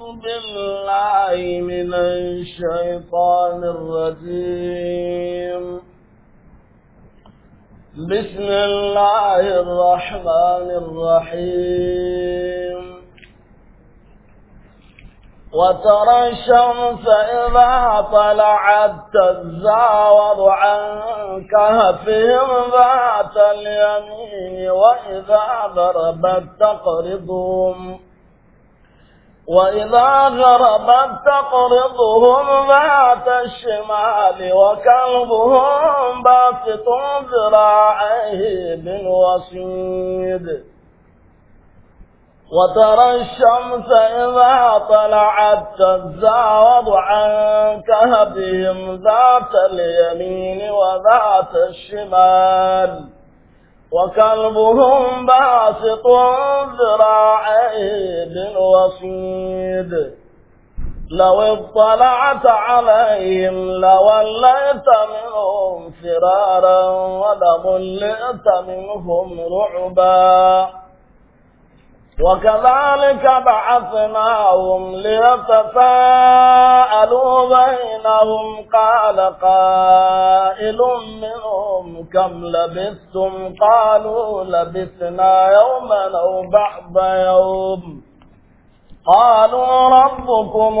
أعوذ بالله من الشيطان الرجيم بسم الله الرحمن الرحيم وترى الشمس إذا طلعت تزاور عن كهفهم ذات اليمين وإذا ضربت تقرضهم وإذا غربت تقرضهم ذات الشمال وكلبهم باسط ذراعيه بالوسيد وترى الشمس إذا طلعت تزاوض عن كهبهم ذات اليمين وذات الشمال وكلبهم باسط ذراعي بالوصيد لو اطلعت عليهم لوليت منهم فرارا ولملئت منهم رعبا وكذلك بعثناهم ليتساءلوا بينهم قال قائل منهم كم لبثتم قالوا لبثنا يوما أو بعض يوم قالوا ربكم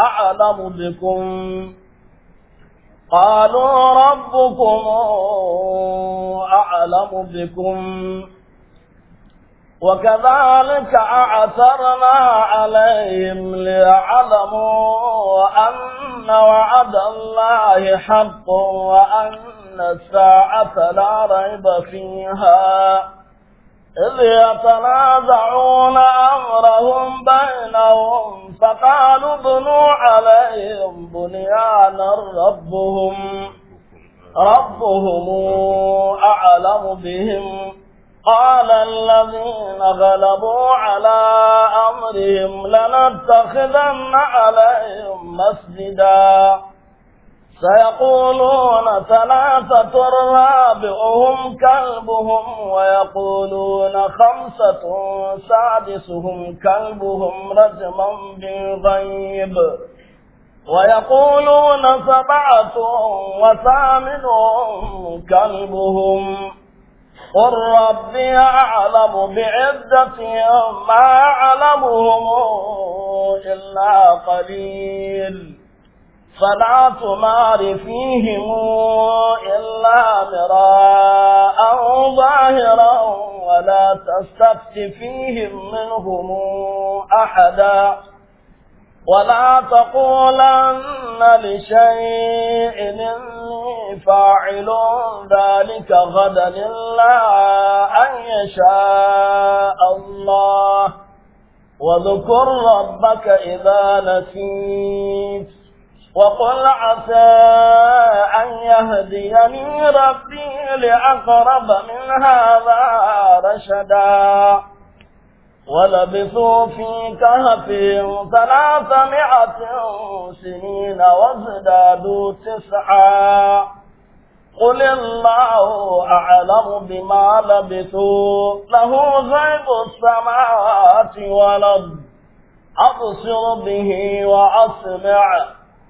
أعلم بكم قالوا ربكم أعلم بكم وكذلك أعثرنا عليهم ليعلموا أن وعد الله حق وأن الساعة لا ريب فيها إذ يتنازعون أمرهم بينهم فقالوا ابنوا عليهم بنيانا ربهم ربهم أعلم بهم قال الذين غلبوا على أمرهم لنتخذن عليهم مسجدا سيقولون ثلاثة رابعهم كلبهم ويقولون خمسة سادسهم كلبهم رجما بالغيب ويقولون سبعة وثامنهم كلبهم قل ربي أعلم بعدتهم ما أعلمهم إلا قليل فلا تمار فيهم إلا مراء ظاهرا ولا تستفت فيهم منهم أحدا ولا تقولن لشيء إني فاعل ذلك غدا إلا أن يشاء الله واذكر ربك إذا نسيت وقل عسى أن يهديني ربي لأقرب من هذا رشدا ولبثوا في كهفهم ثلاثمائة سنين وازدادوا تسعا قل الله أعلم بما لبثوا له غيب السماوات والأرض أبصر به وأسمع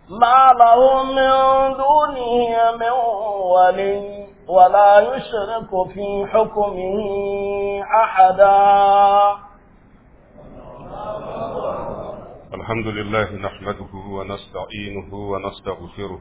ما له من دونه من ولي ولا يشرك في حكمه أحدا الحمد لله نحمده ونستعينه ونستغفره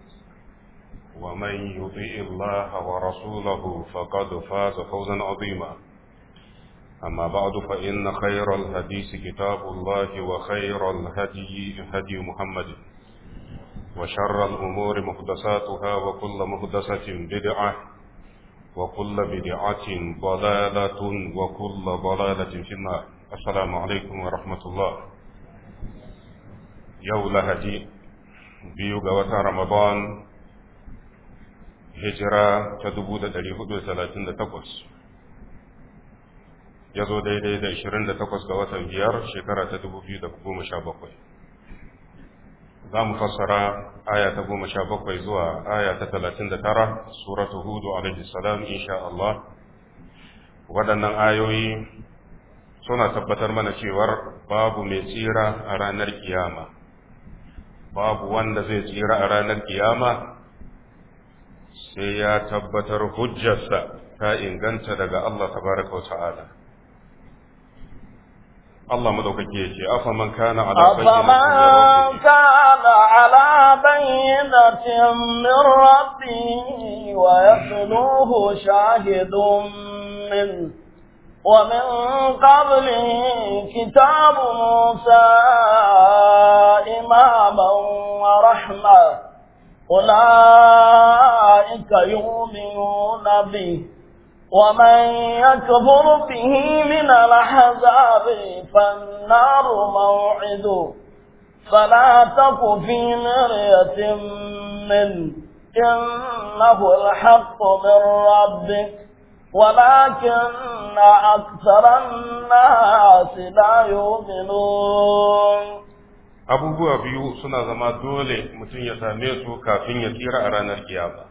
ومن يطيع الله ورسوله فقد فاز فوزا عظيما أما بعد فإن خير الحديث كتاب الله وخير الهدي هدي محمد وشر الأمور محدثاتها وكل محدثة بدعة وكل بدعة ضلالة وكل ضلالة في النار السلام عليكم ورحمة الله يوم هدي بيو وتا رمضان hijira ta dubu da da hudu talatin takwas ya zo daidai da da takwas ga watan biyar shekara ta dubu biyu da goma sha bakwai za mu fassara aya ta goma sha bakwai zuwa aya ta talatin da tara, suratu hudu alaihi salam insha Allah waɗannan ayoyi suna tabbatar mana cewar babu mai tsira a ranar kiyama babu wanda zai tsira a ranar kiyama sai ya tabbatar hujjarsa ta inganta daga Allah tabaraka wa ta'ala Allah madaukake ya ce afa man kana ala bayyinatin kana ala bayyinatin min rabbi wa yasluhu shahidun min ومن قبله كتاب موسى إماما ورحمة أولئك يؤمنون به ومن يكفر به من الأحزاب فالنار موعد فلا تك في مرية منه إنه الحق من ربك ولكن أكثر الناس لا يؤمنون abubuwa biyu suna zama dole mutum ya same su kafin ya tsira a ranar kiyama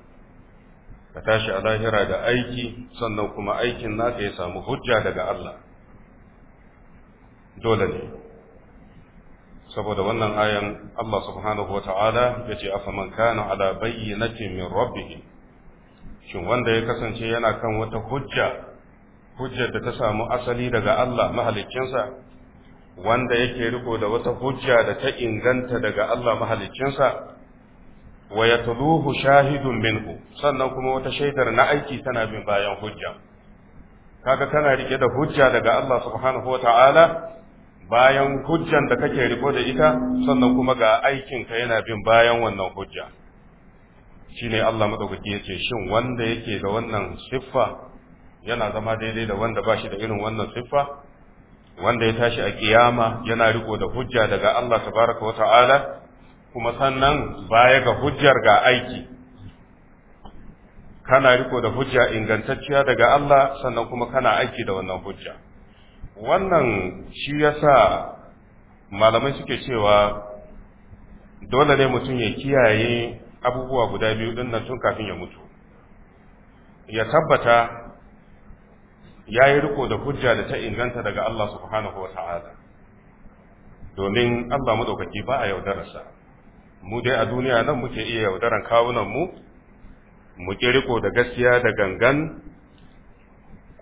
ka tashi a lahira da aiki sannan kuma aikin naka ya samu hujja daga Allah dole ne saboda wannan ayan Allah subhanahu ta'ala ya ce afaman kana ala bayyinati min rabbih shin wanda ya kasance yana kan wata hujja hujjar da ta samu asali daga Allah mahalikinsa. wanda yake riko da wata hujja da ta inganta daga Allah mahaliccinsa wa yatluhu shahidun minhu sannan kuma wata shaidar na aiki tana bin bayan hujja kaga kana rike da hujja daga Allah subhanahu wataala bayan hujjan da kake riko da ita sannan kuma ga aikin ka yana bin bayan wannan hujja shine Allah madaukaki yace shin wanda yake da wannan siffa yana zama daidai da wanda ba shi da irin wannan siffa wanda ya tashi a kiyama yana riko da hujja daga Allah tabaraka wa ta'ala kuma sannan baya ga hujjar ga aiki kana riko da hujja ingantacciya daga Allah sannan kuma kana aiki da wannan hujja wannan shi yasa malamai suke cewa dole ne mutum ya kiyaye abubuwa guda biyu din nan tun kafin ya mutu ya tabbata ya yi riko da hujja da ta inganta daga Allah subhanahu wa ta'ala domin Allah maɗaukaki ba a yaudararsa mu dai a duniya nan muke iya yaudaran kawunan mu ƙi riko da gaskiya da gangan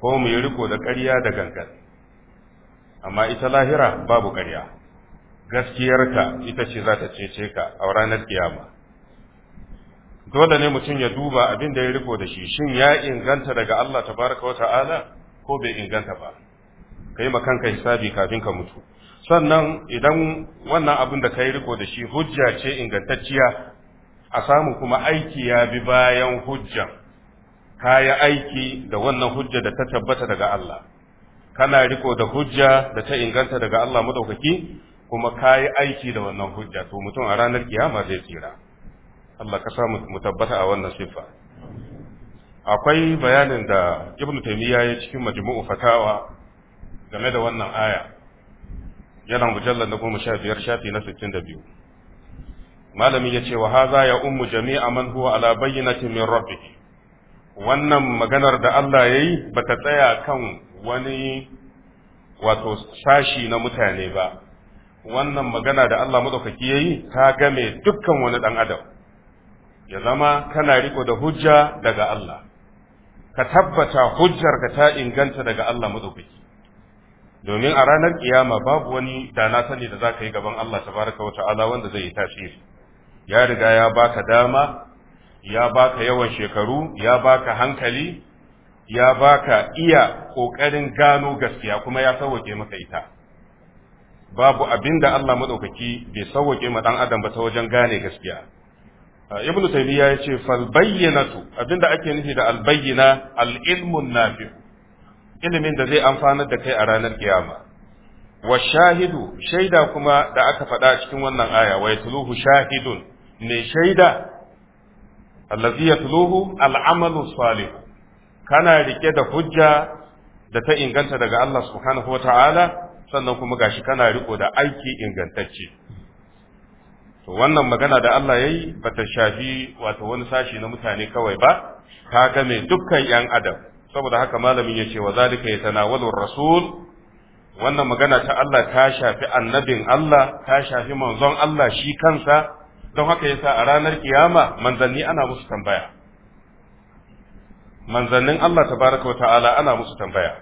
ko mu yi riko da ƙarya da gangan amma ita lahira babu ƙarya gaskiyarka ita ce za ta cece ka a ranar kiyama dole ne mutum ya duba abin da ya riko da shi shin ya inganta daga Allah tabaraka wa ta'ala ko bai inganta ba ka yi kanka hisabi kafin ka mutu sannan idan wannan abin da ka riko da shi hujja ce ingantacciya a samu kuma aiki ya bi bayan hujja ka yi aiki da wannan hujja da ta tabbata daga Allah kana riko da hujja da ta inganta daga Allah madaukaki kuma ka yi aiki da wannan hujja to mutum a ranar kiyama zai tsira Allah ka samu mu tabbata a wannan siffa akwai bayanin da ibn taymiya ya cikin majmu'u fatawa game da wannan aya yana mujallal na goma sha biyar shafi na sittin da biyu malami ya ce wa haza ya ummu jami'a man huwa ala bayyinati min rabbih wannan maganar da Allah yayi bata tsaya kan wani wato sashi na mutane ba wannan magana da Allah ya yayi ta game dukkan wani dan adam ya zama kana riko da hujja daga Allah ka tabbata hujjarka ta inganta daga Allah madaukaki domin a ranar kiyama babu wani da na sani da za ka yi gaban Allah tabaraka wa ta'ala wanda zai yi tasiri ya riga ya baka dama ya baka yawan shekaru ya baka hankali ya baka iya kokarin gano gaskiya kuma ya sauwake maka ita babu abinda Allah madaukaki bai sauwake ma dan adam ba ta wajen gane gaskiya Ibnu taymiya ya ce fal bayyinatu abinda ake nufi da al bayyina al ilmun nafi ilimin da zai amfanar da kai a ranar kiyama wa shahidu shaida kuma da aka faɗa cikin wannan aya wai yatluhu shahidun ne shaida allazi yatluhu al amalu salih kana riƙe da hujja da ta inganta daga Allah subhanahu wa ta'ala sannan kuma gashi kana riko da aiki ingantacce to wannan magana da Allah ya yi ba ta shafi wato wani sashi na mutane kawai ba ta game dukkan ‘yan adam saboda haka malamin ya ce wa zalika ya tanawalur rasul wannan magana ta Allah ta shafi annabin Allah ta shafi manzon Allah shi kansa don haka yasa a ranar kiyama manzanni ana musu tambaya manzannin Allah tabaraka wa ta'ala ana musu tambaya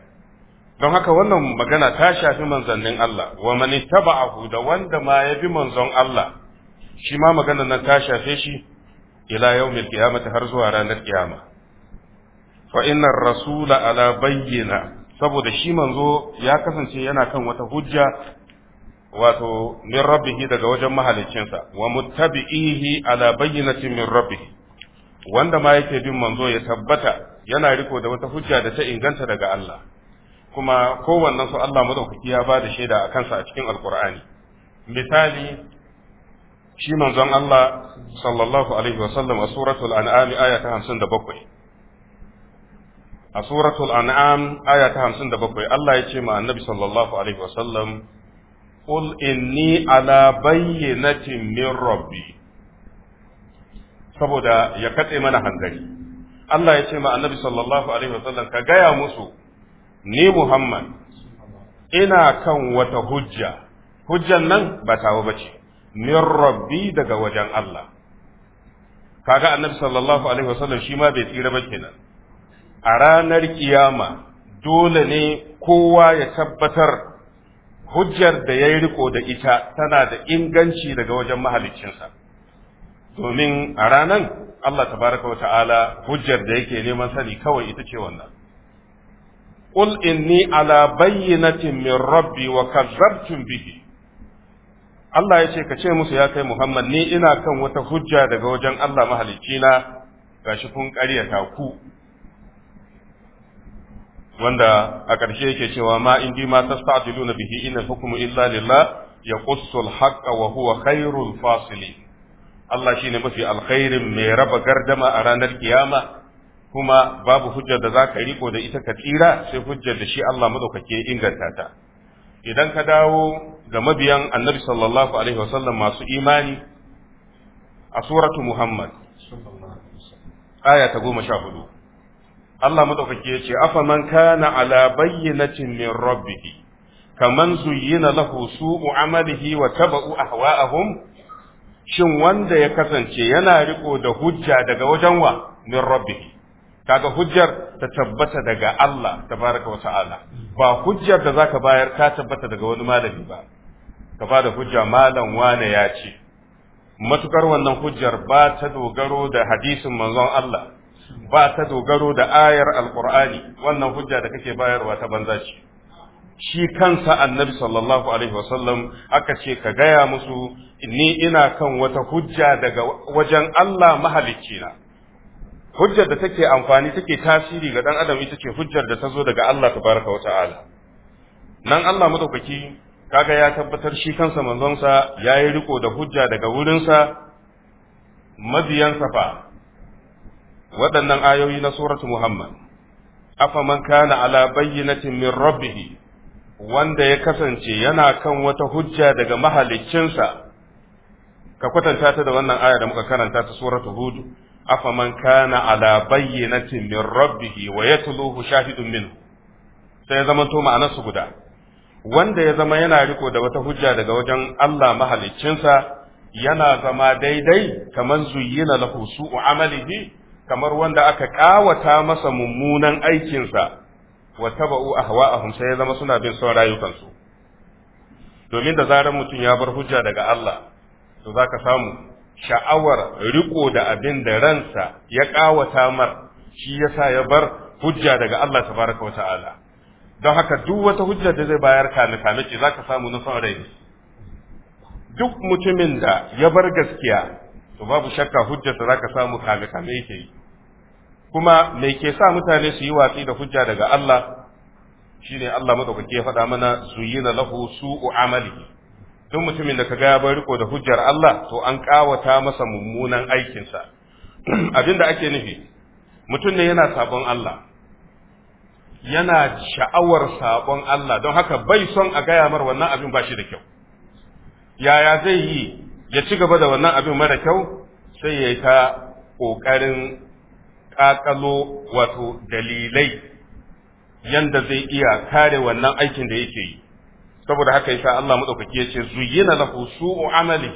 don haka wannan magana ta shafi manzannin Allah wa taba ittaba'ahu da wanda ma ya bi manzon Allah shi ma maganar nan ta shafe shi ila yawmil qiyamati har zuwa ranar kiyama fa inna rasula ala bayyina saboda shi manzo ya kasance yana kan wata hujja wato min rabbihi daga wajen mahalicinsa wa muttabi'ihi ala bayyinatin min rabbihi wanda ma yake bin manzo ya tabbata yana riko da wata hujja da ta inganta daga Allah kuma kowannen su Allah madaukaki ya ba da shaida a kansa a cikin alqur'ani misali shi manzon Allah sallallahu alaihi wa sallam a suratul an'am aya ta 57 a suratul an'am aya ta 57 Allah ya ce ma annabi sallallahu alaihi wa sallam, qul inni ala bayyinatin min rabbi saboda ya katse mana hankali Allah ya ce ma annabi sallallahu alaihi wa sallam ka gaya musu ni Muhammad ina kan wata hujja hujjan nan ba tawo bace min rabbi daga wajen Allah kaga annabi sallallahu alaihi wasallam shi ma bai tsira ba kenan a ranar kiyama dole ne kowa ya tabbatar hujjar da ya yi riko da ita tana da inganci daga wajen mahaliccinsa domin a ranan Allah tabaraka wa ta'ala hujjar da yake neman sani kawai ita ce wannan قل إني على بينة من ربي وكذبتم bihi Allah ya ce ka ce musu ya kai Muhammad ni ina kan wata hujja daga wajen Allah mahalicina gashi kun ƙaryata ku wanda a ƙarshe yake cewa ma in ji ma na bihi inna hukmu illa lillah yaqussu al-haqqa wa huwa khairul fasili Allah shine mafi alkhairin mai raba gardama a ranar kiyama kuma babu hujjar da zaka riko da ita ka tsira sai hujjar da shi Allah madaukake inganta ta idan ka dawo ga mabiyan annabi sallallahu alaihi wasallam masu imani a suratu muhammad aya ta goma sha hudu Allah madaukaki ya ce afa kana ala bayyinatin min rabbih kaman zuyyina lahu su'u amalihi wa taba'u ahwa'ahum shin wanda ya kasance yana riko da hujja daga wajen wa min rabbih kaga hujjar ta tabbata daga Allah tabaraka wa ta'ala ba hujjar da zaka bayar ta tabbata daga wani malami ba ka ba hujja malam wane ya ce matukar wannan hujjar ba ta dogaro da hadisin manzon Allah ba ta dogaro da ayar alqur'ani wannan hujja da kake bayarwa ta banza ce shi kansa annabi sallallahu alaihi wasallam aka ce ka gaya musu ni ina kan wata hujja daga wajen Allah na. hujjar da take amfani take tasiri ga dan adam ita ce hujjar da ta zo daga Allah tabaraka wa ta'ala nan Allah madaukaki kaga ya tabbatar shi kansa manzonsa ya yi riko da hujja daga wurinsa mabiyansa fa waɗannan ayoyi na suratu Muhammad afaman kana ala bayyinatin min rabbih wanda ya kasance yana kan wata hujja daga mahaliccinsa ka kwatanta ta da wannan aya da muka karanta ta suratu hud afaman kana ala bayyinatin min rabbih wa yatluhu shahidun minhu sai ya zama to su guda wanda ya zama yana riko da wata hujja daga wajen Allah mahaliccinsa yana zama daidai kamar zuyyina lahu su'u amalihi kamar wanda aka kawata masa mummunan aikinsa wa taba'u ahwa'ahum sai ya zama suna bin son rayukansu domin da zarar mutum ya bar hujja daga Allah to zaka samu sha'awar riko da abin da ransa ya kawata mar shi yasa ya bar hujja daga Allah tabaraka wa ta'ala don haka duk wata hujjar da zai bayar kame kame ce ka samu na son duk mutumin da ya bar gaskiya to babu shakka hujjarsa ka samu kame kame yake yi kuma mai ke sa mutane su yi watsi da hujja daga Allah shine Allah madaukake ya faɗa mana su yi na lahu su'u amali? duk mutumin da ka ga ya bar riko da hujjar Allah to an ƙawata masa mummunan aikinsa abinda ake nufi mutum ne yana sabon Allah yana sha'awar saƙon Allah don haka bai son a gaya mar wannan abin ba shi da kyau yaya zai yi ya ci gaba da wannan abin mara kyau sai ya yi ta ƙoƙarin ƙaƙalo wato dalilai yanda zai iya kare wannan aikin da yake yi saboda haka yasa Allah ya ce zuyina lahu su'u amali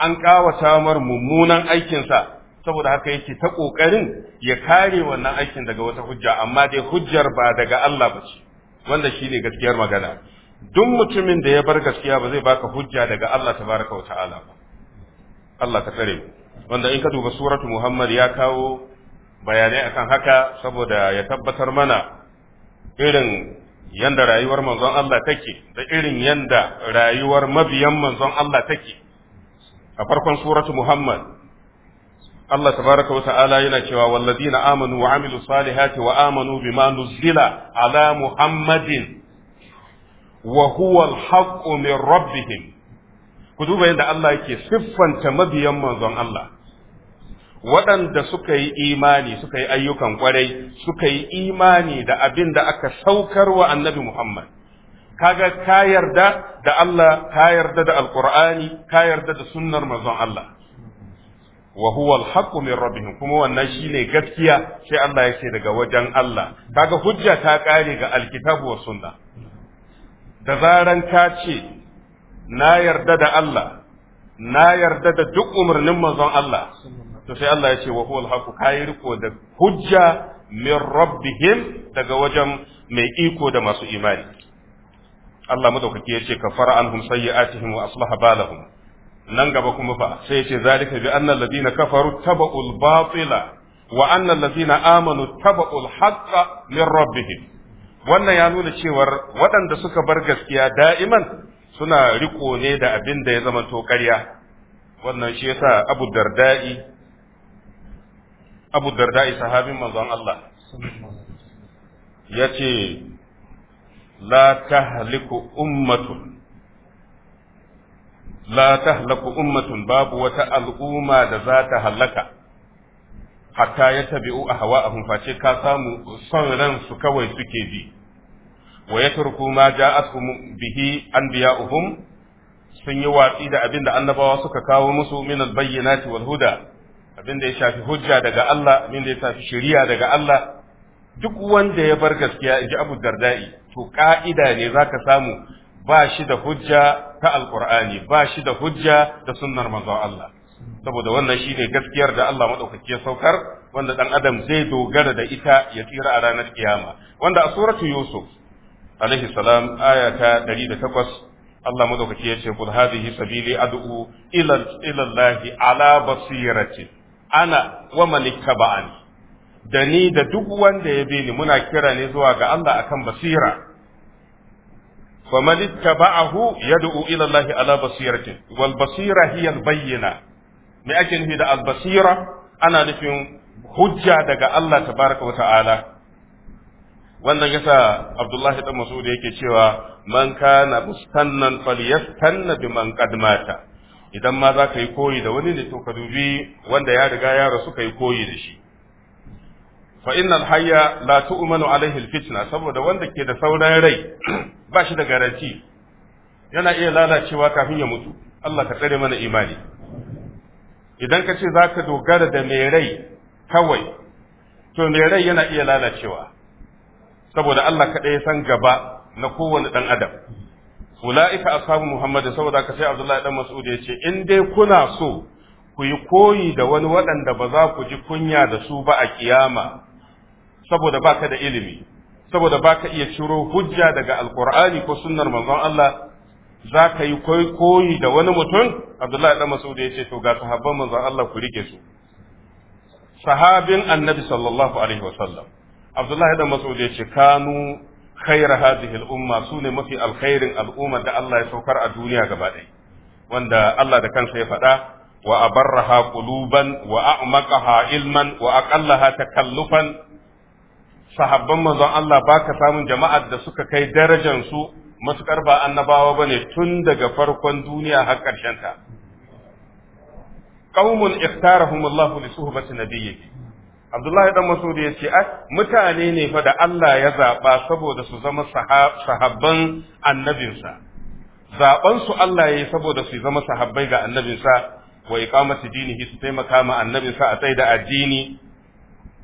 an kawata mar mummunan aikinsa saboda haka yake ta ƙoƙarin ya kare wannan aikin daga wata hujja amma dai hujjar ba daga Allah ba ce wanda shi ne gaskiyar magana duk mutumin da ya bar gaskiya ba zai baka hujja daga Allah tabaraka wa ta'ala ba Allah ka tsare wanda in ka duba suratu Muhammad ya kawo bayanai akan haka saboda ya tabbatar mana irin yanda rayuwar manzon Allah take da irin yanda rayuwar mabiyan manzon Allah take a farkon suratu Muhammad Allah tabaraka wa ta'ala yana cewa walladina amanu wa amilu salihati wa amanu bima nuzila ala muhammadin wa huwa alhaqqu min rabbihim ku duba yadda Allah yake siffanta mabiyan manzon Allah waɗanda suka yi imani suka yi ayyukan kwarai suka yi imani da abin da aka saukar wa annabi Muhammad kaga ka yarda da Allah ka yarda da alqur'ani ka yarda da sunnar manzon Allah wa huwa al-haqqu min rabbihim kuma wannan shine gaskiya sai Allah ya ce daga wajen Allah kaga hujja ta kare ga alkitabu wa sunna da zaran ka ce na yarda da Allah na yarda da duk umarnin manzon Allah to sai Allah ya ce wa huwa al-haqqu kai riko da hujja min rabbihim daga wajen mai iko da masu imani Allah madaukake ya ce ka fara anhum sayyi'atihim wa aslaha balahum nan gaba kuma ba sai yace zalika bi annal ladina kafaru taba'ul batila wa anna ladina amanu taba'ul haqqa min rabbihim wannan ya nuna cewar waɗanda suka bar gaskiya da'iman suna riko ne da abin da ya zama to ƙarya wannan shi yasa Abu Darda'i Abu Darda'i sahabin manzon Allah yace la tahliku ummatun la tahlaku ummatun babu wata al'umma da za ta halaka hatta ya tabi'u a face ka samu son ran su kawai suke bi wa yatruku ma ja'atuhum bihi anbiya'uhum sun yi watsi da abinda da annabawa suka kawo musu min al-bayyinati wal huda ya shafi hujja daga Allah abin ya shafi shari'a daga Allah duk wanda ya bar gaskiya ji Abu daɗi to ƙa'ida ne zaka samu ba shi da hujja ta alqur'ani ba shi da hujja da sunnar manzon Allah saboda wannan shine gaskiyar da Allah maɗaukaki ya saukar wanda ɗan adam zai dogara da ita ya tsira a ranar kiyama wanda a suratu yusuf alaihi salam aya ta takwas, Allah maɗaukaki ya ce kul hadhihi sabili ad'u ila ila Allah ala basirati ana wa man ittaba'ani da ni da duk wanda ya bi ni muna kira ne zuwa ga Allah akan basira faman ittaba'ahu yad'u ila Allah ala basiratin wal basira hiya al bayyina me ake nufi da albasira? ana nufin hujja daga Allah tabaraka wa ta'ala wannan yasa Abdullahi dan Mas'ud yake cewa man kana mustannan falyastanna biman qad mata idan ma za ka yi koyi da wani ne to ka dubi wanda ya riga ya rasu ka yi koyi da shi fa innal hayya la tu'manu alaihi alfitna saboda wanda ke da sauran rai ba shi da garanti yana iya lalacewa kafin ya mutu Allah ka tsare mana imani idan ka ce zaka dogara da mai rai kawai to mai rai yana iya lalacewa saboda Allah kaɗai ya san gaba na kowane ɗan adam ula'ika ashabu Muhammad saboda ka sai abdullahi dan mas'ud ya ce in dai kuna so ku yi koyi da wani waɗanda ba za ku ji kunya da su ba a kiyama saboda baka da ilimi saboda baka iya ciro hujja daga alqur'ani ko sunnar manzon Allah za ka yi koyi da wani mutum abdullahi dan mas'ud ya ce to ga sahabban manzon Allah ku rike su sahabin annabi sallallahu alaihi wasallam abdullahi dan mas'ud ya ce kanu khayra hadhihi al-umma sune mafi alkhairin al'umma da Allah ya saukar a duniya gaba ɗaya wanda Allah da kansa ya faɗa wa abarraha kuluban, wa a'maqaha ilman wa a aqallaha takallufan sahabban manzon Allah baka samun jama'ar da suka kai darajar su matukar ba annabawa bane tun daga farkon duniya har ƙarshen ta qaumun ikhtarahum Allah li suhbati nabiyyi Abdullahi dan Mas'ud ya ce mutane ne fa da Allah ya zaba saboda su zama sahabban annabinsa zaban su Allah yayi saboda su zama sahabbai ga annabinsa wa iqamati dinihi su taimaka ma annabinsa a tsaida addini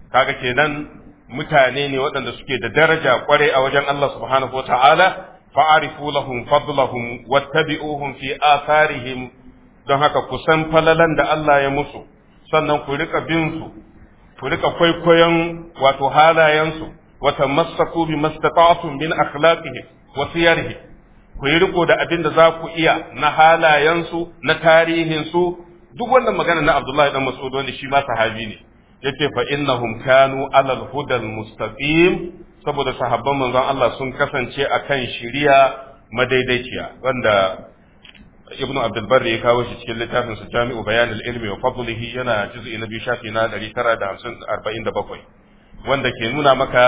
kaga kenan mutane ne waɗanda suke da daraja kwarai a wajen Allah subhanahu wa ta'ala, fa'arifu lahum fadlahum wattabi'uhum fi asarihim don haka ku san falalan da Allah ya musu, sannan ku riƙa binsu, ku riƙa kwaikwayon wato halayensu, wata masaku bi mastata'atun min akhlaqihi wa siyarihi. Ku yi riko da abin da za ku iya na halayensu, na tarihinsu, duk wannan magana na Abdullahi dan Mas'ud wanda shi ma sahabi ne. yace fa innahum kanu alal hudal mustaqim saboda sahabban manzon Allah sun kasance akan shiriya madaidaiciya wanda ibnu abdul barri ya kawo shi cikin littafin sa jami'u bayanin ilmi wa fadlihi yana juz'i na biyu shafi na 947 wanda ke nuna maka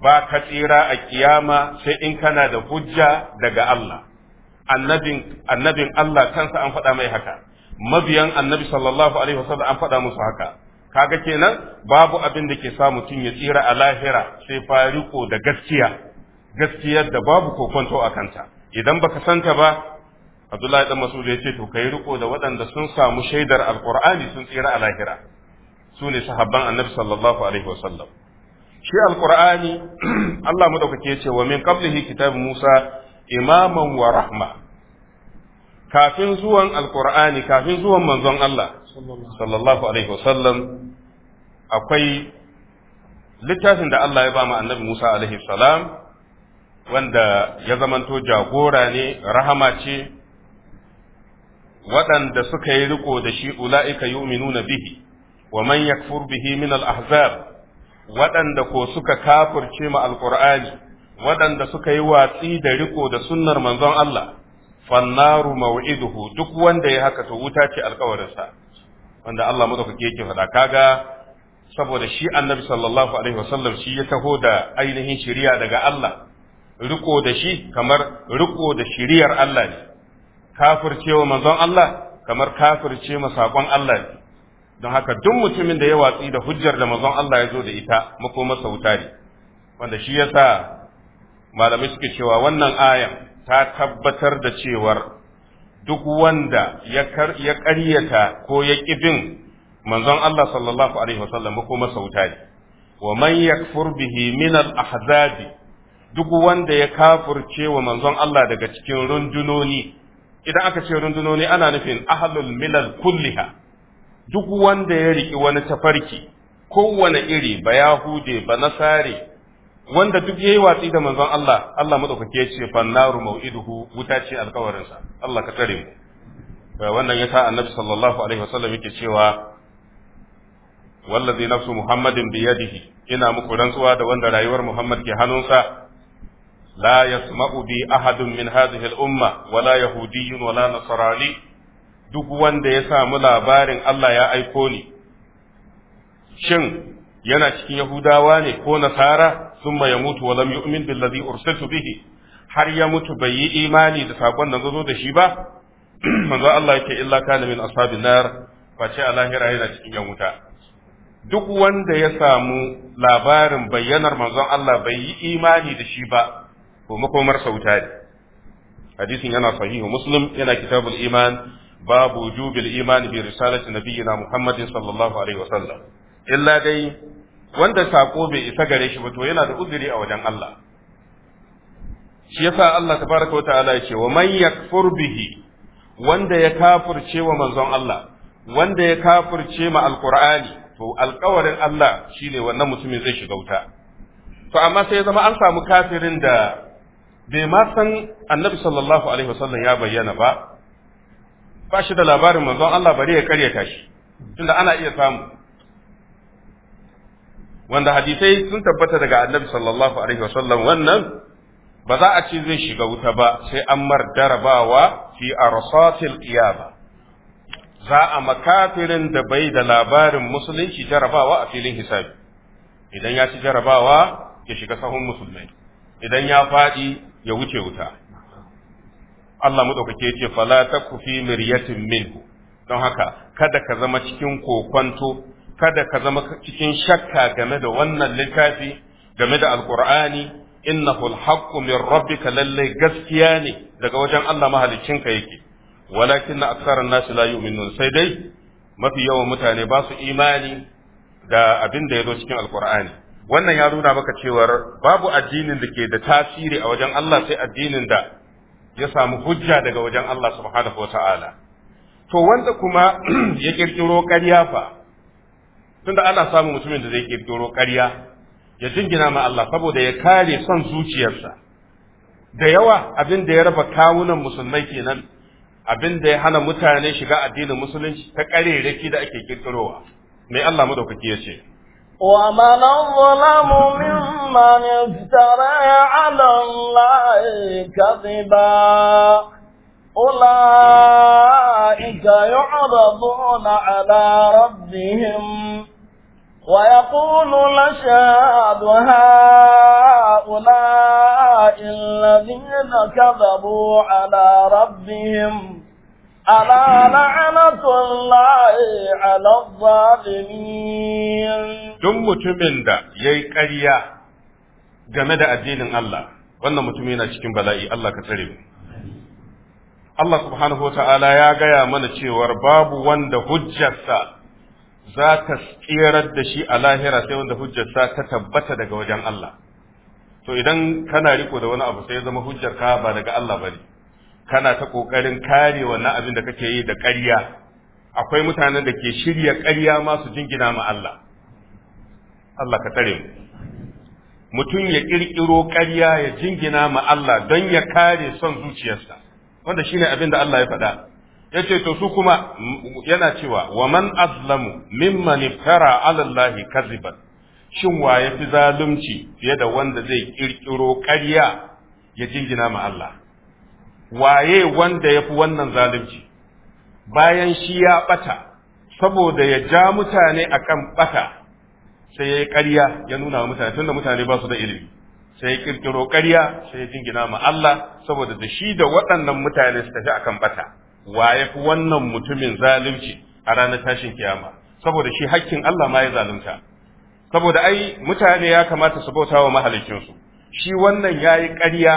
ba ka tsira a kiyama sai in kana da hujja daga Allah annabin annabin Allah kansa an faɗa mai haka mabiyan annabi sallallahu alaihi wasallam an faɗa musu haka kaga kenan babu abin da ke sa mutum ya tsira a lahira sai fariko da gaskiya gaskiyar da babu kokonto a kanta idan baka santa ba Abdullahi dan Mas'ud ya ce to kai riko da waɗanda sun samu shaidar alqur'ani sun tsira a lahira su ne sahabban annabi sallallahu alaihi wasallam shi alqur'ani Allah madaukake ya ce wa min qablihi kitab Musa imaman wa rahma kafin zuwan alkur'ani kafin zuwan manzon Allah sallallahu alaihi wasallam akwai littafin da Allah ya ba mu annabi Musa alaihi salam wanda ya zamanto jagora ne rahama ce waɗanda suka yi riko da shi ula'ika yu'minuna bihi wa man yakfur bihi min al-ahzab waɗanda ko suka kafirce ma alkur'ani waɗanda suka yi watsi da riko da sunnar manzon Allah fannaru maw'iduhu duk wanda ya haka to wuta ce alkawarinsa wanda Allah madaukake yake faɗa kaga saboda shi annabi sallallahu alaihi wasallam shi ya taho da ainihin shari'a daga Allah riko da shi kamar riko da shari'ar Allah ne kafircewa manzon Allah kamar kafirce ma sakon Allah ne don haka duk mutumin da ya watsi da hujjar da manzon Allah ya zo da ita makomarsa wuta ne wanda shi yasa malamai suke cewa wannan ayan ta tabbatar da cewar duk wanda ya ƙaryata ko ya ƙibin manzon Allah sallallahu alaihi wasallam kuma sauta ne wa man yakfur bihi min al-ahzabi duk wanda ya kafurce wa manzon Allah daga cikin rundunoni idan aka ce rundunoni ana nufin ahlul milal kulliha duk wanda ya riki wani tafarki kowane iri ba yahude ba nasare wanda duk yayi watsi da manzon Allah Allah madaukake ya ce naru mau'iduhu wuta ce alkawarinsa Allah ka tsare mu eh, wannan yasa annabi sallallahu alaihi wasallam yake cewa wallazi nafsu muhammadin biyadihi ina muku rantsuwa da wanda rayuwar muhammad ke hannunsa la yasma'u bi ahadun min hadhihi al-umma wala yahudiyyun wala nasrani duk wanda ya samu labarin Allah ya aiko ni shin yana cikin yahudawa ne ko nasara thumma yamutu wa lam yu'min billazi ursiltu bihi har ya mutu bai yi imani da saƙon da zo da shi ba manzo Allah yake illa kana min ashabin nar face a lahira yana cikin yan wuta duk wanda ya samu labarin bayyanar manzon Allah bai yi imani da shi ba ko makomar sauta ne hadisin yana sahihu muslim yana kitabul iman babu wujubil iman bi risalati nabiyyina muhammadin sallallahu alaihi wasallam illa dai wanda sako bai isa gare shi ba to yana da uzuri a wajen Allah shi yasa Allah tabaraka ta'ala ya ce wa man yakfur bihi wanda ya kafirce wa manzon Allah wanda ya kafirce ma alqur'ani to alƙawarin Allah shine wannan mutumin zai shiga wuta to amma sai ya zama an samu kafirin da bai ma san annabi sallallahu alaihi wasallam ya bayyana ba ba shi da labarin manzon Allah bari ya karyata shi tunda ana iya samu wanda hadisai sun tabbata daga annabi sallallahu alaihi wasallam wannan ba za a ce zai shiga wuta ba sai an mar darabawa fi arsatil qiyama za a makafirin da bai da labarin musulunci jarabawa a filin hisabi idan ya ci jarabawa ya shiga sahun musulmai idan ya faɗi ya wuce wuta Allah madaukake ce fala taku fi miryatin minhu don haka kada ka zama cikin kokonto kada ka zama cikin shakka game da wannan littafi game da alkur'ani innahu alhaqqu min rabbika lalle gaskiya ne daga wajen Allah ka yake walakin aktharun nas la yu'minun sai dai mafi yawan mutane ba su imani da abin da ya zo cikin alkur'ani wannan ya nuna maka cewar babu addinin da ke da tasiri a wajen Allah sai addinin da ya samu hujja daga wajen Allah subhanahu wa ta'ala to wanda kuma ya kirkiro ƙarya fa tunda ana samun mutumin da zai kirkiro ƙarya ya jingina ma Allah saboda ya kare son zuciyarsa da yawa abin da ya raba kawunan musulmai kenan abin da ya hana mutane shiga addinin musulunci ta ƙarerake da ake kirkirowa mai Allah madaukaki ya ce ومن الظلم ممن افترى على الله كذبا أولئك يعرضون على ربهم ويقول الأشهاد هؤلاء الذين كذبوا على ربهم ألا لعنة الله على الظالمين دم متمن دا يي قريا game da addinin Allah wannan mutum yana cikin bala'i Allah ka tsare Allah subhanahu wa ta'ala ya gaya mana cewar babu wanda hujjarsa za ka tsirar da shi a lahira sai wanda hujjarsa ta tabbata daga wajen Allah to idan kana riko da wani abu sai ya zama ka ba daga Allah bane kana ta kokarin kare wannan abin da kake yi da ƙarya akwai mutanen da ke shirya ƙarya ma su jingina ma Allah Allah ka tare mu mutum ya kirkiro ƙarya ya jingina ma Allah don ya kare son zuciyarsa wanda shine abin da Allah ya faɗa yace to su kuma yana cewa wa man azlamu mimman iftara ala allahi kaziban shin wa yafi zalunci fiye da wanda zai kirkiro ƙarya ya jingina ma Allah waye wanda yafi wannan zalunci bayan shi ya bata saboda ya ja mutane akan ɓata sai ya yi ƙarya ya nuna wa mutane tunda mutane ba su da ilimi sai ya kirkiro ƙarya sai ya jingina ma Allah saboda da shi da waɗannan mutane su tafi akan ɓata. wa ya fi wannan mutumin zalunci a ranar tashin kiyama saboda shi hakkin Allah ma ya zalunta saboda ai mutane ya kamata su bauta wa mahalicinsu shi wannan ya yi ƙarya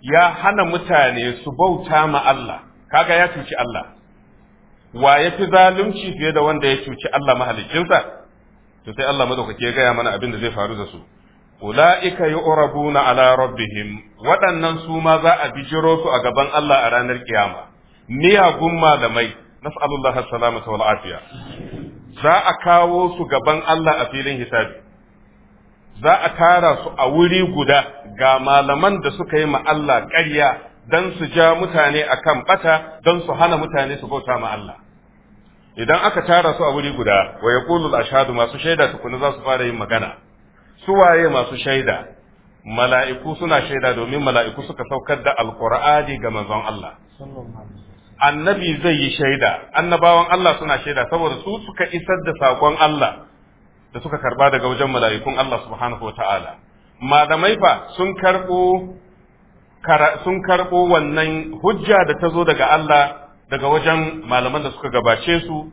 ya hana mutane su bauta ma Allah kaga ya cuci Allah wa ya fi zalunci fiye da wanda ya cuci Allah mahalikinsa? to sai Allah madaukake ya gaya mana abin da zai faru da su ula'ika yu'rabuna ala rabbihim waɗannan su ma za a bijiro su a gaban Allah a ranar kiyama miyagun malamai nas'alullahi salamata wal afiya za a kawo su gaban Allah a filin hisabi za a tara su a wuri guda ga malaman da suka yi ma Allah ƙarya don su ja mutane akan bata don su hana mutane su bauta ma Allah idan aka tara su a wuri guda wa yaqulul ashhadu masu shaida tukuna za su fara yin magana su waye masu shaida mala'iku suna shaida domin mala'iku suka saukar da alqur'ani ga manzon Allah annabi zai yi shaida annabawan Allah suna shaida saboda su suka isar da sakon Allah da suka karba daga wajen mala'ikun Allah subhanahu ta'ala malamai fa sun karbo wannan hujja da ta zo daga Allah daga wajen malaman da suka gabace su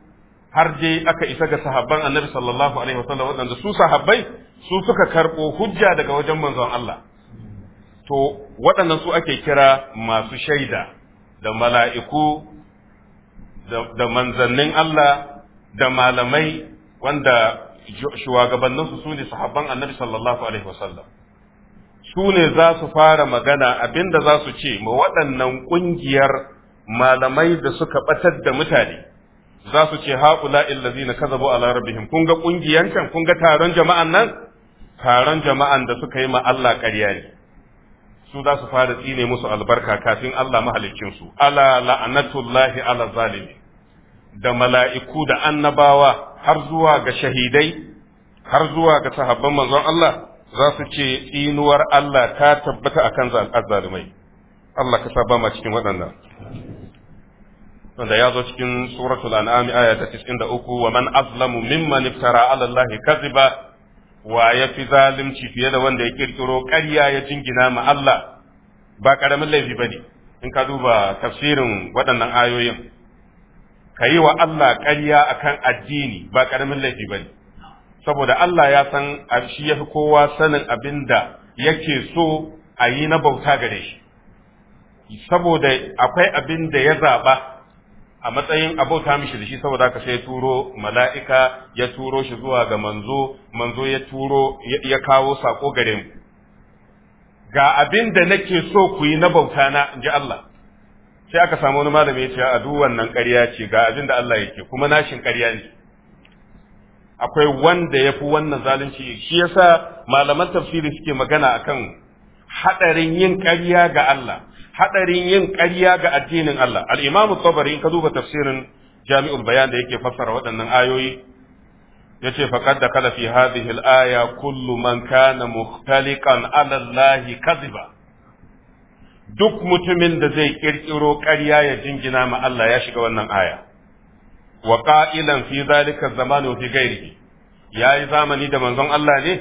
har je aka isa ga sahabban annabi sallallahu alaihi wa sallam waɗanda su sahabbai su suka karɓo hujja daga wajen manzon Allah to waɗannan su ake kira masu shaida da mala'iku da manzannin Allah da malamai wanda shugabanninsu su ne sahabban annabi sallallahu alaihi wasallam su ne za su fara magana abinda za su ce ma waɗannan ƙungiyar malamai da suka ɓatar da mutane za su ce haƙula illazi na kazabu ala rabbihim kun ga ƙungiyan can kun ga taron jama'an nan taron jama'an da suka yi ma Allah ƙarya ne su za su fara tsine musu albarka kafin Allah mahaliccinsu ala la'anatullahi ala zalimi da mala'iku da annabawa har zuwa ga shahidai har zuwa ga sahabban manzon Allah za su ce tsinuwar Allah ta tabbata akan azzalimai Allah ka saba ma cikin waɗannan wanda ya zo cikin suratul an'am aya ta 93 wa man azlamu mimman iftara ala allahi kadhiba wa ya fi zalunci fiye da wanda ya kirkiro ƙarya ya jingina ma Allah ba ƙaramin laifi ba ne in ka duba tafsirin waɗannan ayoyin ka yi wa Allah ƙarya akan addini ba ƙaramin laifi ba ne saboda Allah ya san a shi ya fi kowa sanin abin da yake so a yi na bauta gare shi saboda akwai abin da ya zaɓa a matsayin abauta mishi da shi saboda ka sai turo mala'ika ya turo shi zuwa ga manzo manzo ya turo ya kawo sako gare mu ga abin da nake so ku yi na bauta na ji Allah sai aka samu wani malami ya ce a duk wannan ƙarya ce ga abin da Allah yake kuma nashin ƙarya ne akwai wanda ya fi wannan zalunci shi yasa malaman tafsiri suke magana akan haɗarin yin ƙarya ga Allah hadarin yin ƙarya ga addinin Allah al-Imam Tabari in ka duba tafsirin Jami'ul Bayan da yake fassara waɗannan ayoyi yace faqad dakala fi hadhihi al-aya kullu man kana mukhtaliqan ala Allah kadhiba duk mutumin da zai kirkiro ƙarya ya jingina ma Allah ya shiga wannan aya wa qa'ilan fi zalika zamani wa fi ghairihi yayi zamani da manzon Allah ne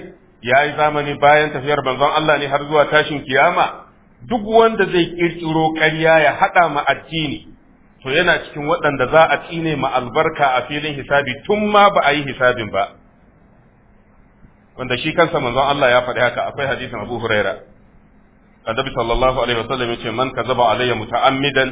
yayi zamani bayan tafiyar manzon Allah ne har zuwa tashin kiyama duk wanda zai kirkiro ƙarya ya haɗa ma addini to yana cikin waɗanda za a tsine ma albarka a filin hisabi tun ma ba a yi hisabin ba wanda shi kansa manzon Allah ya faɗi haka akwai hadisin Abu Huraira annabi sallallahu alaihi wasallam yace man kazaba alayya muta'ammidan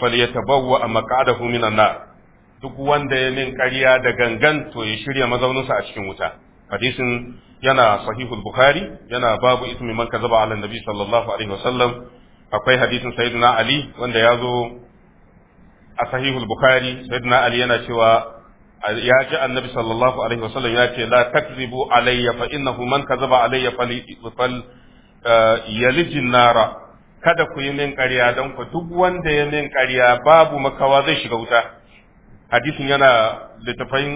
falyatabawwa maq'adahu minan nar duk wanda ya min ƙarya da gangan to ya shirya mazauninsa a cikin wuta hadisin yana sahihul bukhari yana babu ismi man kazaba ala nabi sallallahu alaihi wasallam akwai hadisin sayyidina ali wanda ya zo a sahihul bukhari sayyidina ali yana cewa ya ji annabi sallallahu alaihi wasallam ya ce la takzibu alayya fa innahu man kazaba alayya fal eh, yalijin nara kada ku yi min ƙarya don ku duk wanda ya min ƙarya babu makawa zai shiga wuta hadisin yana littafai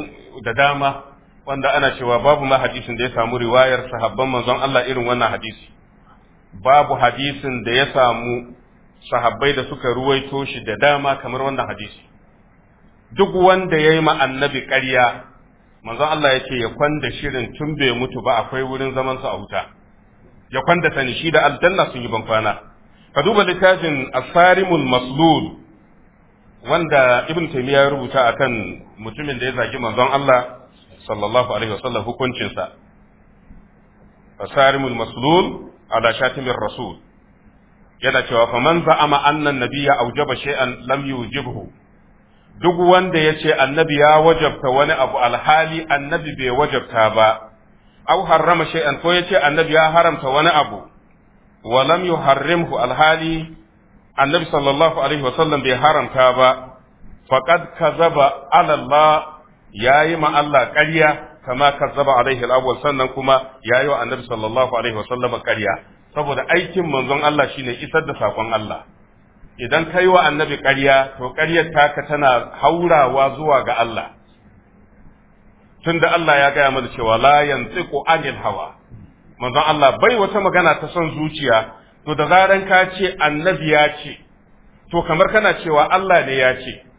da dama wanda ana cewa babu ma hadisin da ya samu riwayar sahabban manzon Allah irin wannan hadisi babu hadisin da ya samu sahabbai da suka ruwaito shi da dama kamar wannan hadisi duk wanda ya yi ma annabi ƙarya manzon Allah ya ce ya kwanda shirin tun bai mutu ba akwai wurin zaman sa a wuta ya kwanda sani shi da aljanna sun yi bankwana ka duba littafin asarimul maslul wanda ibn taymiya ya rubuta akan mutumin da ya zagi manzon Allah sallallahu alaihi wasallam hukuncinsa fasarimul maslul ala shatimin rasul yana cewa fa man za'ama annan nabiyya aujaba shay'an lam yujibhu duk wanda ya ce annabi ya wajabta wani abu alhali annabi bai wajabta ba au harrama shay'an ko ya ce annabi ya haramta wani abu wa lam yuharrimhu alhali annabi sallallahu alaihi wasallam bai haramta ba faqad kazaba ala Allah yayi ma Allah ƙarya kama kazzaba alaihi al-awwal sannan kuma yayi wa annabi sallallahu alaihi wasallam ƙarya saboda aikin manzon Allah shine isar da sakon Allah idan kai wa annabi ƙarya to ƙaryar taka tana haurawa zuwa ga Allah tunda Allah ya gaya mana cewa la yantiqu anil hawa manzon Allah bai wata magana ta son zuciya to da zaran ka ce annabi ya ce to kamar kana cewa Allah ne ya ce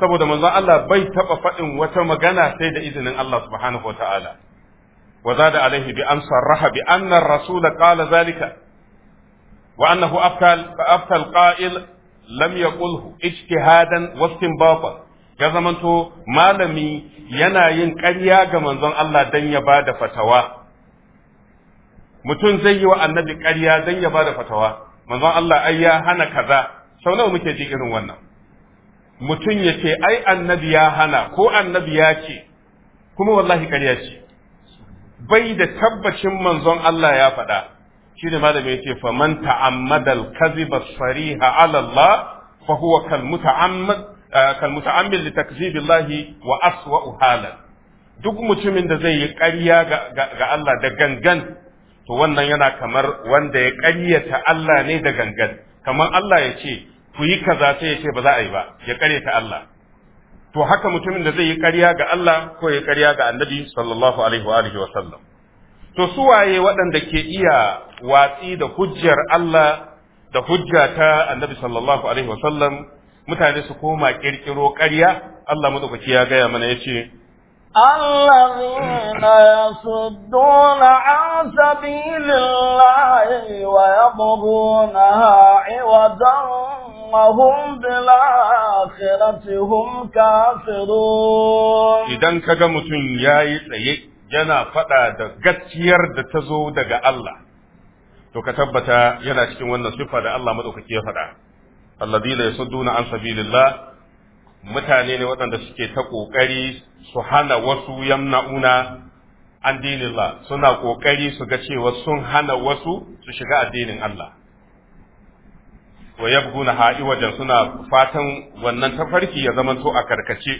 saboda manzon Allah bai taɓa faɗin wata magana sai da izinin Allah subhanahu wa ta'ala wa zada alaihi bi an sarraha bi anna ar-rasul zalika wa annahu afkal afkal qa'il lam yaqulhu ijtihadan wa istinbatan ya zamanto malami yana yin ƙarya ga manzon Allah don ya da fatawa mutum zai yi wa annabi ƙarya dan ya ba da fatawa manzon Allah ai ya hana kaza sau nawa muke ji irin wannan mutum ya ce ai annabi ya hana ko annabi ya ce kuma wallahi ƙarya ce bai da tabbacin manzon Allah ya faɗa shi ne malami ya ce faman ta'ammadal kadhiba sariha ala Allah fa huwa kal muta'ammad eh, kal muta'ammil li takzibillahi wa aswa'u halan duk mutumin da zai yi ƙarya ga Allah da gangan to wannan yana kamar wanda ya ƙaryata Allah ne da gangan kamar Allah ya ce ku yi kaza sai ya ce ba za a yi ba ya kare ta Allah to haka mutumin da zai yi ƙarya ga Allah ko ya ƙarya ga Annabi sallallahu alaihi wa alihi wa to su waye waɗanda ke iya watsi da hujjar Allah da hujja ta Annabi sallallahu alaihi wa mutane su koma kirkiro ƙarya Allah madaukaki ya gaya mana yace الذين يصدون عن سبيل الله ويبغونها عوجا وهم بالآخرة هم كافرون إذا كجا متن ياي تسيه yana faɗa da gaskiyar da ta zo daga Allah to ka tabbata yana cikin wannan siffa da Allah madaukaki ya faɗa alladina yasudduna an sabilillah mutane ne waɗanda suke ta ƙoƙari su hana wasu yamna'una an dinillah suna ƙoƙari su ga cewa sun hana wasu su shiga addinin Allah wa yabguna wajen suna fatan wannan tafarki ya zamanto a karkace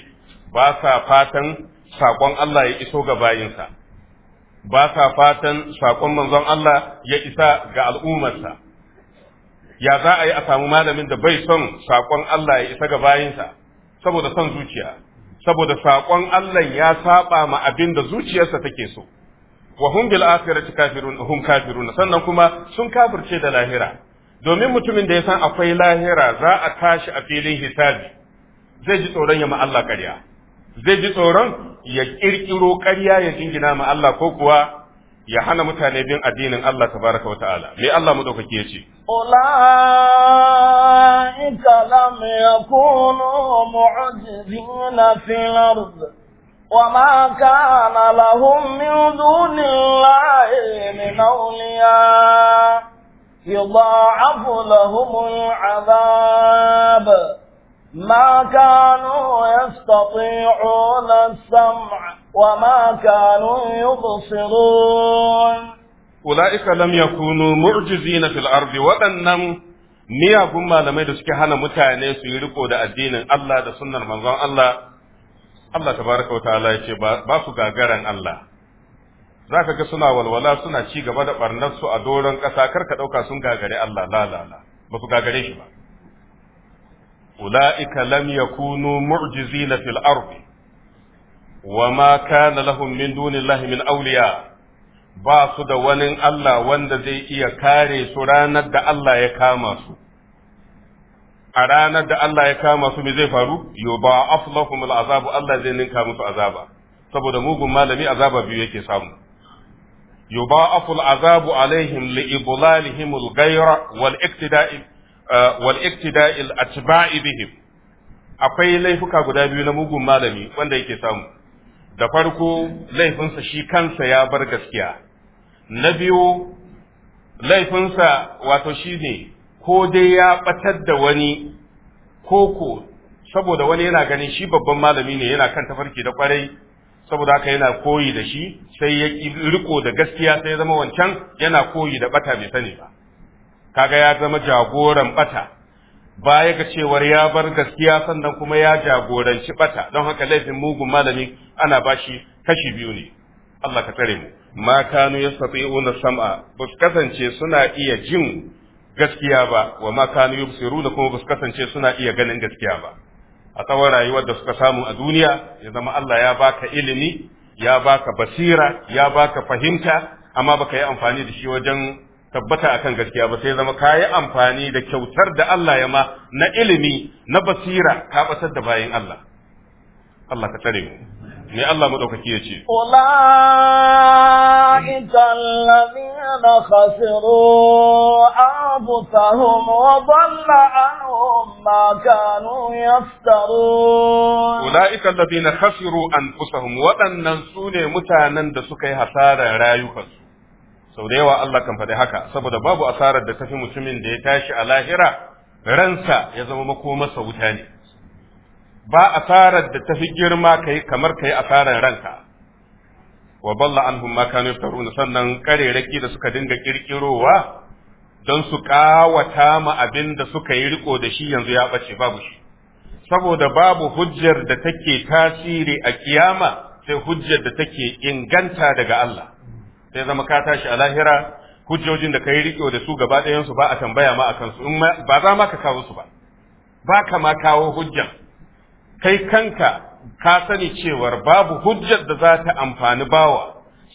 ba sa fatan sakon Allah ya iso ga bayinsa ba sa fatan sakon manzon Allah ya isa ga al'ummarsa ya za a yi a samu malamin da bai son sakon Allah ya isa ga bayinsa saboda son zuciya saboda sakon Allah ya saba ma abin da zuciyarsa take so wa hum bil akhirati kafirun hum kafirun sannan kuma sun kafirce da lahira domin mutumin da ya san akwai lahira za a tashi a filin hisabi zai ji tsoron ya ma Allah ƙarya zai ji tsoron ya ƙirƙiro ƙarya ya jingina ma Allah ko kuwa ya hana mutane bin addinin Allah tabaraka wa ta'ala me Allah madaukaki yace ulaika lam yakunu fil ard وما كان لهم من دون الله من أولياء يضاعف لهم العذاب ما كانوا يستطيعون السمع وما كانوا يبصرون أولئك لم يكونوا معجزين في الأرض ولنم miyagun malamai da suke hana mutane su yi riko da addinin Allah da sunnar manzon Allah Allah tabaraka wa ta'ala ya ce ba su gagaran Allah zaka ga suna walwala suna ci gaba da ɓarnar su a doron ƙasa kar ka ɗauka sun gagare Allah la la la ba su gagare shi ba ula'ika lam yakunu mu'jizina fil ardi wa ma kana lahum min dunillahi min awliya ba su da wani Allah wanda zai iya kare su ranar da Allah ya kama su a ranar da Allah ya kama su me zai faru yuba'af lahum azabu Allah zai ninka musu azaba saboda mugun malami azaba biyu yake samu يضاعف العذاب عليهم لإضلالهم الغير والاقتداء والاقتداء الأتباع بهم akwai laifuka guda biyu na mugun malami wanda yake samu da farko laifinsa shi kansa ya bar gaskiya na biyu laifinsa wato shi ne ko dai ya batar da wani koko saboda wani yana ganin shi babban malami ne yana kan tafarki da kwarai saboda haka yana koyi da shi sai ya riko da gaskiya sai ya zama wancan yana koyi da bata bai sani ba kaga ya zama jagoran bata baya ga cewar ya bar gaskiya sannan kuma ya jagoranci bata don haka laifin mugun malami ana bashi kashi biyu ne Allah ka tare mu ma kanu yastati'una sam'a bas kasance suna iya jin gaskiya ba wa ma kanu yubsiruna kuma bas kasance suna iya ganin gaskiya ba a tsawon rayuwar da suka samu a duniya ya zama Allah ya baka ilimi ya baka basira ya baka fahimta amma baka yi amfani da shi wajen tabbata akan gaskiya ba sai zama kayi amfani da kyautar da Allah ya ma na ilimi na basira ka batar da bayan Allah Allah ka tare mu ne Allah maɗaukaki ya ce ulaika alladhina na anfusahum wa dhalla anhum ma kanu wadannan sune mutanen da suka yi hasarar rayukansu sau da yawa Allah kan faɗi haka saboda babu asarar da tafi mutumin da ya tashi a lahira ransa ya zama makomarsa wuta ne ba asarar da tafi girma kai kamar kai asarar ranka wa balla anhum ma kanu yaftarun sannan raki da suka dinga kirkirowa don su kawata ma abin da suka yi riko da shi yanzu ya bace babu shi saboda babu hujjar da take tasiri a kiyama sai hujjar da take inganta daga Allah sai zama ka tashi a lahira hujjojin da ka yi riko da su gaba ɗayansu ba a tambaya ma a kansu in ba za ma ka kawo su ba ba ka ma kawo hujjar. kai kanka ka sani cewar babu hujjar da za ta amfani bawa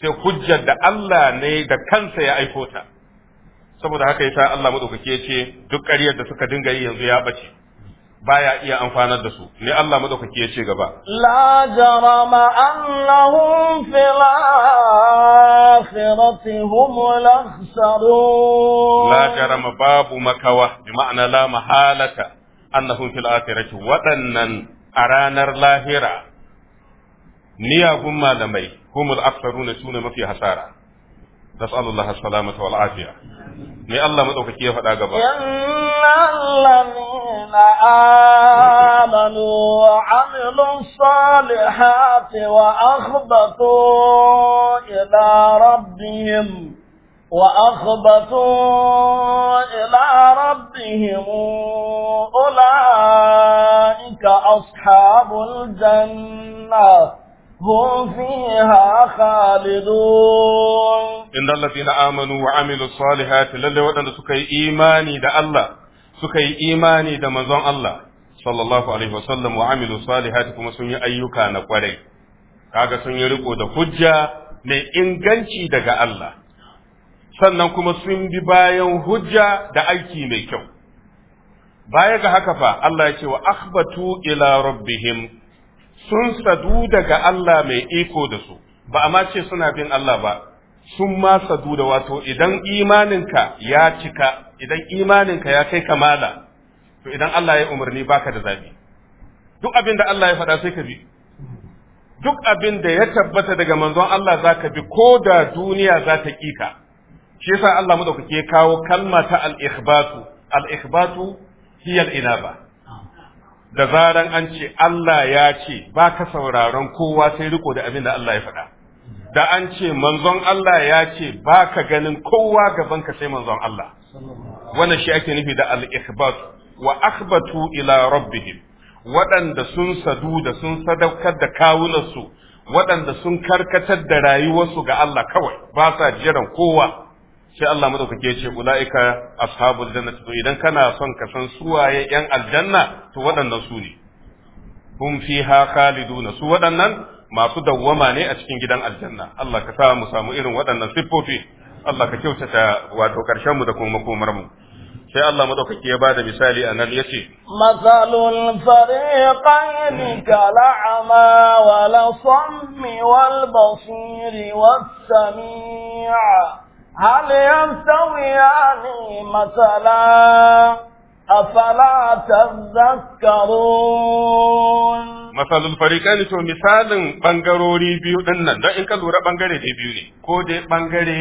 sai hujjar da Allah ne da kansa ya aiko ta saboda haka yasa Allah madaukake ya ce duk ƙaryar da suka dinga yi yanzu ya bace baya iya amfanar da su ne Allah madaukake ya ce gaba la jarama annahum fil akhirati hum la jarama babu makawa bi ma'ana la mahalaka annahum fil akhirati wadannan a ranar lahira niyagun malamai humul aksaruna sune mafi hasara نسأل الله السلامة والعافية من الله مدوك كيف هذا قبل إن الذين آمنوا وعملوا الصالحات وأخبطوا إلى ربهم وأخبتوا إلى ربهم أولئك أصحاب الجنة هم فيها خالدون إن الذين آمنوا وعملوا الصالحات للي ودن سكي إيماني دا الله سكي إيماني دا مزان الله صلى الله عليه وسلم وعملوا الصالحات كما سنية أيوكا نقري كاغا سنية رقو دا حجة mai inganci daga Allah sannan kuma sun bi bayan hujja da aiki mai kyau baya ga haka fa Allah ya ce wa akhbatu ila rabbihim sun sadu daga Allah mai iko da su ba a ma ce suna bin Allah ba sun ma sadu da wato idan imaninka ya cika idan imaninka ya kai kamala to idan Allah ya umarni baka da zabi duk abin da Allah ya faɗa sai ka bi duk abin da ya tabbata daga manzon Allah zaka bi ko da duniya za ta ƙi shi yasa Allah madaukake ya kawo kalma ta al-ikhbatu al-ikhbatu hiya al-inaba da zaran an ce Allah ya ce ba ka sauraron kowa sai riko da abin da Allah ya faɗa da an ce manzon Allah ya ce ba ka ganin kowa gaban ka sai manzon Allah wannan shi ake nufi da al-ikhbatu wa akhbatu ila rabbihim waɗanda sun sadu da sun sadaukar da kawunansu waɗanda sun karkatar da rayuwarsu ga Allah kawai ba sa jiran kowa sai Allah madaukake ce ulaika ashabul jannati to idan kana son ka san waye yan aljanna to waɗannan su ne hum fiha khaliduna su waɗannan masu dawwama ne a cikin gidan aljanna Allah ka sa mu samu irin waɗannan siffofi Allah ka kyautata wato karshen mu da kuma makomar mu sai Allah madaukaki ya bada misali a nan yace masalul fariqain kal'ama wal sammi wal basiri was sami'a. هل يستويان مثلا أفلا تذكرون مثل الفريقين تو مثال بانغروري بيو دنن da in ka lura bangare da biyu ne ko dai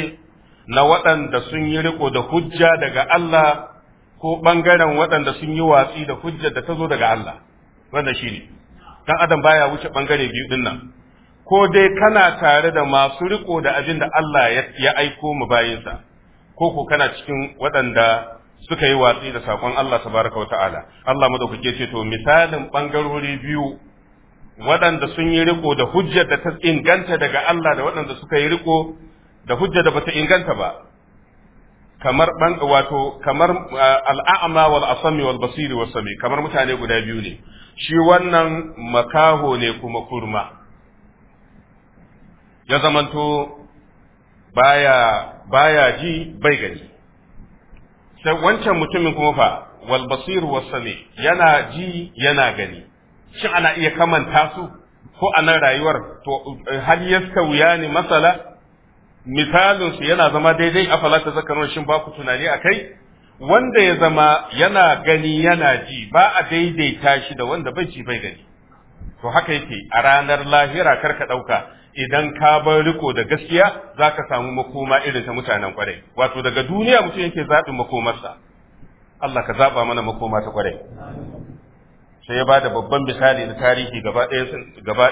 na waɗanda sun yi riko da hujja daga Allah ko bangaren waɗanda sun yi watsi da hujja da ta zo daga Allah wannan ne, dan adam baya wuce bangare biyu dinnan ko dai kana tare da masu riko da abin da Allah ya aiko mu bayinsa ko ko kana cikin waɗanda suka yi watsi da sakon Allah tabaraka wa ta'ala Allah madaukake ce to misalin bangarori biyu waɗanda sun yi riko da hujjar da ta inganta daga Allah da waɗanda suka yi riko da hujjar da bata inganta ba kamar ban wato kamar eh, al'a'ma wal asami wal basiri was sami kamar mutane guda biyu ne shi wannan makaho ne kuma kurma ya zamanto baya baya ji bai gani sai wancan mutumin kuma fa wal basir was sami yana ji yana gani shin ana iya kamanta su ko a ana rayuwar to hal wuya ne masala misalin su yana zama daidai afala ta zakarun shin ba ku tunani akai wanda ya zama yana gani yana ji ba a daidaita shi da wanda bai ji bai gani to haka yake a ranar lahira karka ɗauka idan ka bar riko da gaskiya za ka samu makoma irin ta mutanen kwarai wato daga duniya mutum yake zaɓin makomarsa Allah ka zaɓa mana makoma ta kwarai sai ya ba da babban misali na tarihi gaba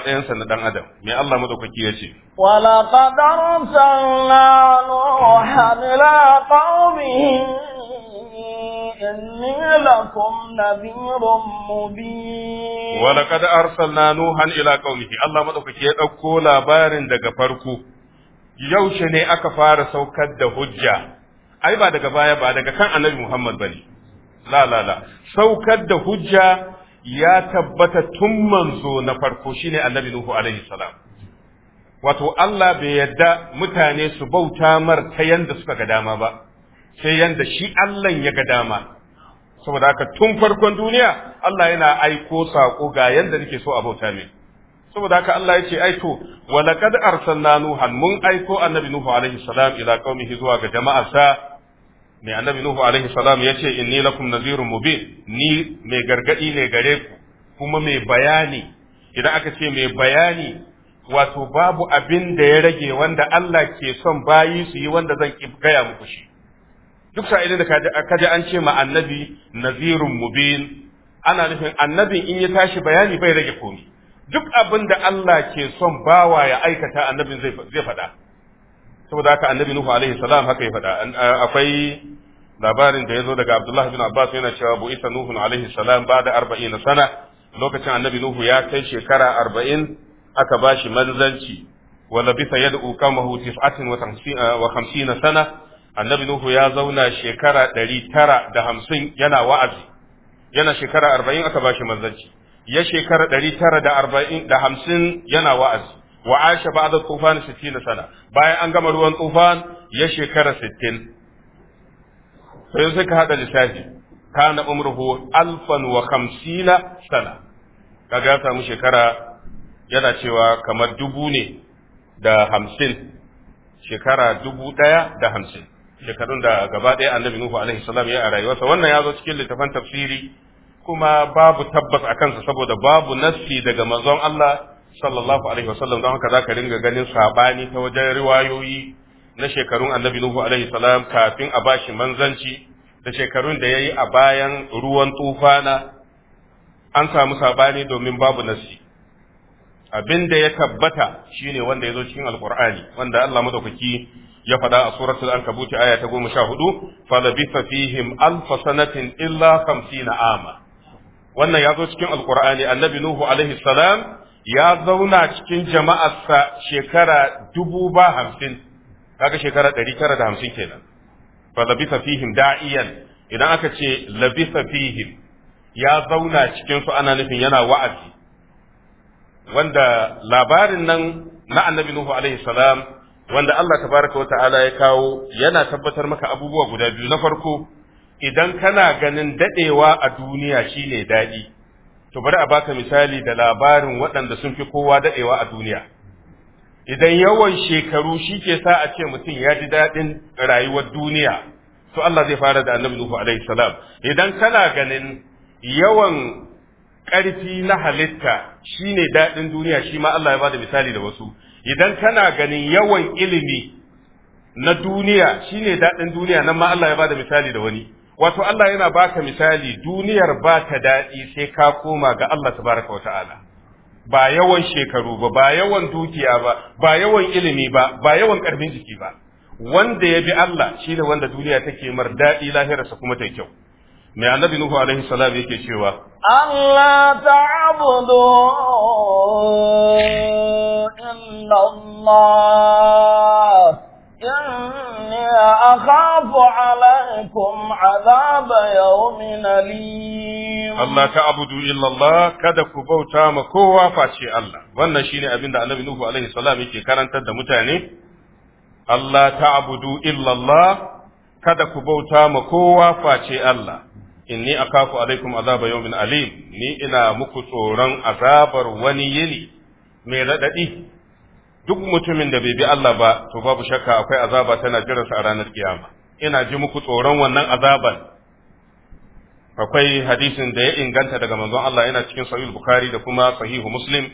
ɗayansa na ɗan adam mai Allah madaukaki ya ce wala qadar sallallahu ila qaumihi إني لكم نذير مبين ولقد أرسلنا نوحا إلى قومه الله مدوكك يدوكو لابارن دقا فرقو yaushe ne aka fara saukar da hujja ai ba daga baya ba daga kan annabi Muhammad bane la la la saukar da hujja ya tabbata tun manzo na farko shine annabi Nuhu alaihi salam wato Allah bai yadda mutane su bauta mar ta yanda suka ga dama ba sai yanda shi Allah ya ga dama saboda haka tun farkon duniya Allah yana aiko sako ga yanda nake so abota min saboda haka Allah yace ai to wa laqad arsalna nuhan mun aiko annabi nuhu alaihi salam ila qaumihi zuwa ga jama'arsa mai annabi nuhu alaihi salam yace inni lakum mu mubin ni mai gargadi ne gare ku kuma mai bayani idan aka ce mai bayani wato babu abin da ya rage wanda Allah ke son bayi su yi wanda zan gaya muku shi duk sa'ilin da kaji an ce ma annabi nazirun mubin ana nufin annabin in ya tashi bayani bai rage komi duk abin da Allah ke son bawa ya aikata annabin zai faɗa saboda haka annabi nuhu alaihi salam haka ya faɗa akwai labarin da ya zo daga abdullahi bin abbas yana cewa bu isa nuhu alaihi salam ba da arba'in sana lokacin annabi nuhu ya kai shekara arba'in aka ba shi manzanci wala bisa yad'u qaumahu tis'atin wa khamsina sana annabi nuhu ya zauna shekara ɗari tara da hamsin yana wa'azi yana shekara arba'in aka ba shi manzanci ya shekara ɗari tara da arba'in da hamsin yana wa'azi wa aisha ba da tufan sittin sana bayan an gama ruwan tufan ya shekara sittin sai sai ka haɗa lissafi na umruhu alfan wa hamsina sana ka ya samu shekara yana cewa kamar dubu ne da hamsin shekara dubu ɗaya da hamsin shekarun da gaba ɗaya annabi nuhu alaihi salam ya a rayuwarsa wannan ya zo cikin littafan tafsiri kuma babu tabbas a kansa saboda babu nassi daga manzon Allah sallallahu alaihi wasallam don haka zaka ringa ganin sabani ta wajen riwayoyi na shekarun annabi nuhu alaihi salam kafin a bashi manzanci da shekarun da yayi a bayan ruwan tufana an samu sabani domin babu nassi abin da ya tabbata shine wanda ya zo cikin alqur'ani wanda Allah madaukaki ya faɗa a suratul ankabut aya ta 14 fa labitha fihim alf sanatin illa 50 ama wannan ya zo cikin alqur'ani annabi nuhu alaihi salam ya zauna cikin jama'arsa shekara dubu ba hamsin kaga shekara ɗari tara da hamsin kenan fa labitha fihim da'iyan idan aka ce labitha fihim ya zauna cikin su ana nufin yana wa'azi wanda labarin nan na annabi nuhu alaihi salam wanda Allah tabaraka wa ta'ala ya kawo yana tabbatar maka abubuwa guda biyu na farko idan kana ganin dadewa a duniya shine dadi to bari a baka misali da labarin waɗanda sun fi kowa dadewa a duniya idan yawan shekaru shike sa a ce mutum ya ji daɗin rayuwar duniya to Allah zai fara da annabi Nuhu alaihi salam idan kana ganin yawan ƙarfi na halitta shine daɗin duniya shi ma Allah ya bada misali da wasu idan kana ganin yawan ilimi na duniya shine daɗin duniya nan ma Allah ya bada misali da wani wato Allah yana baka misali duniyar ba ta daɗi sai ka koma ga Allah tabaraka wa ta'ala ba yawan shekaru ba ba yawan dukiya ba ba yawan ilimi ba ba yawan ƙarfin jiki ba wanda ya bi Allah shine wanda duniya take mar daɗi lahirarsa kuma ta kyau mai annabi nuhu alaihi salam yake cewa Allah ta'budu illa Allah inni akhafu alaikum azab yawmin alim Allah ta'budu illa Allah kada ku bauta ma kowa face Allah wannan shine abin da annabi nuhu alaihi salam yake karantar da mutane Allah ta'budu illa Allah kada ku bauta ma kowa face Allah inni akafu alaikum azaba yawmin alim ni ina muku tsoron azabar wani yini mai radadi duk mutumin da bai bi Allah ba to babu shakka akwai azaba tana jiransa a ranar kiyama ina ji muku tsoron wannan azaban akwai hadisin da ya inganta daga manzon Allah yana cikin sahih bukhari da kuma sahihu muslim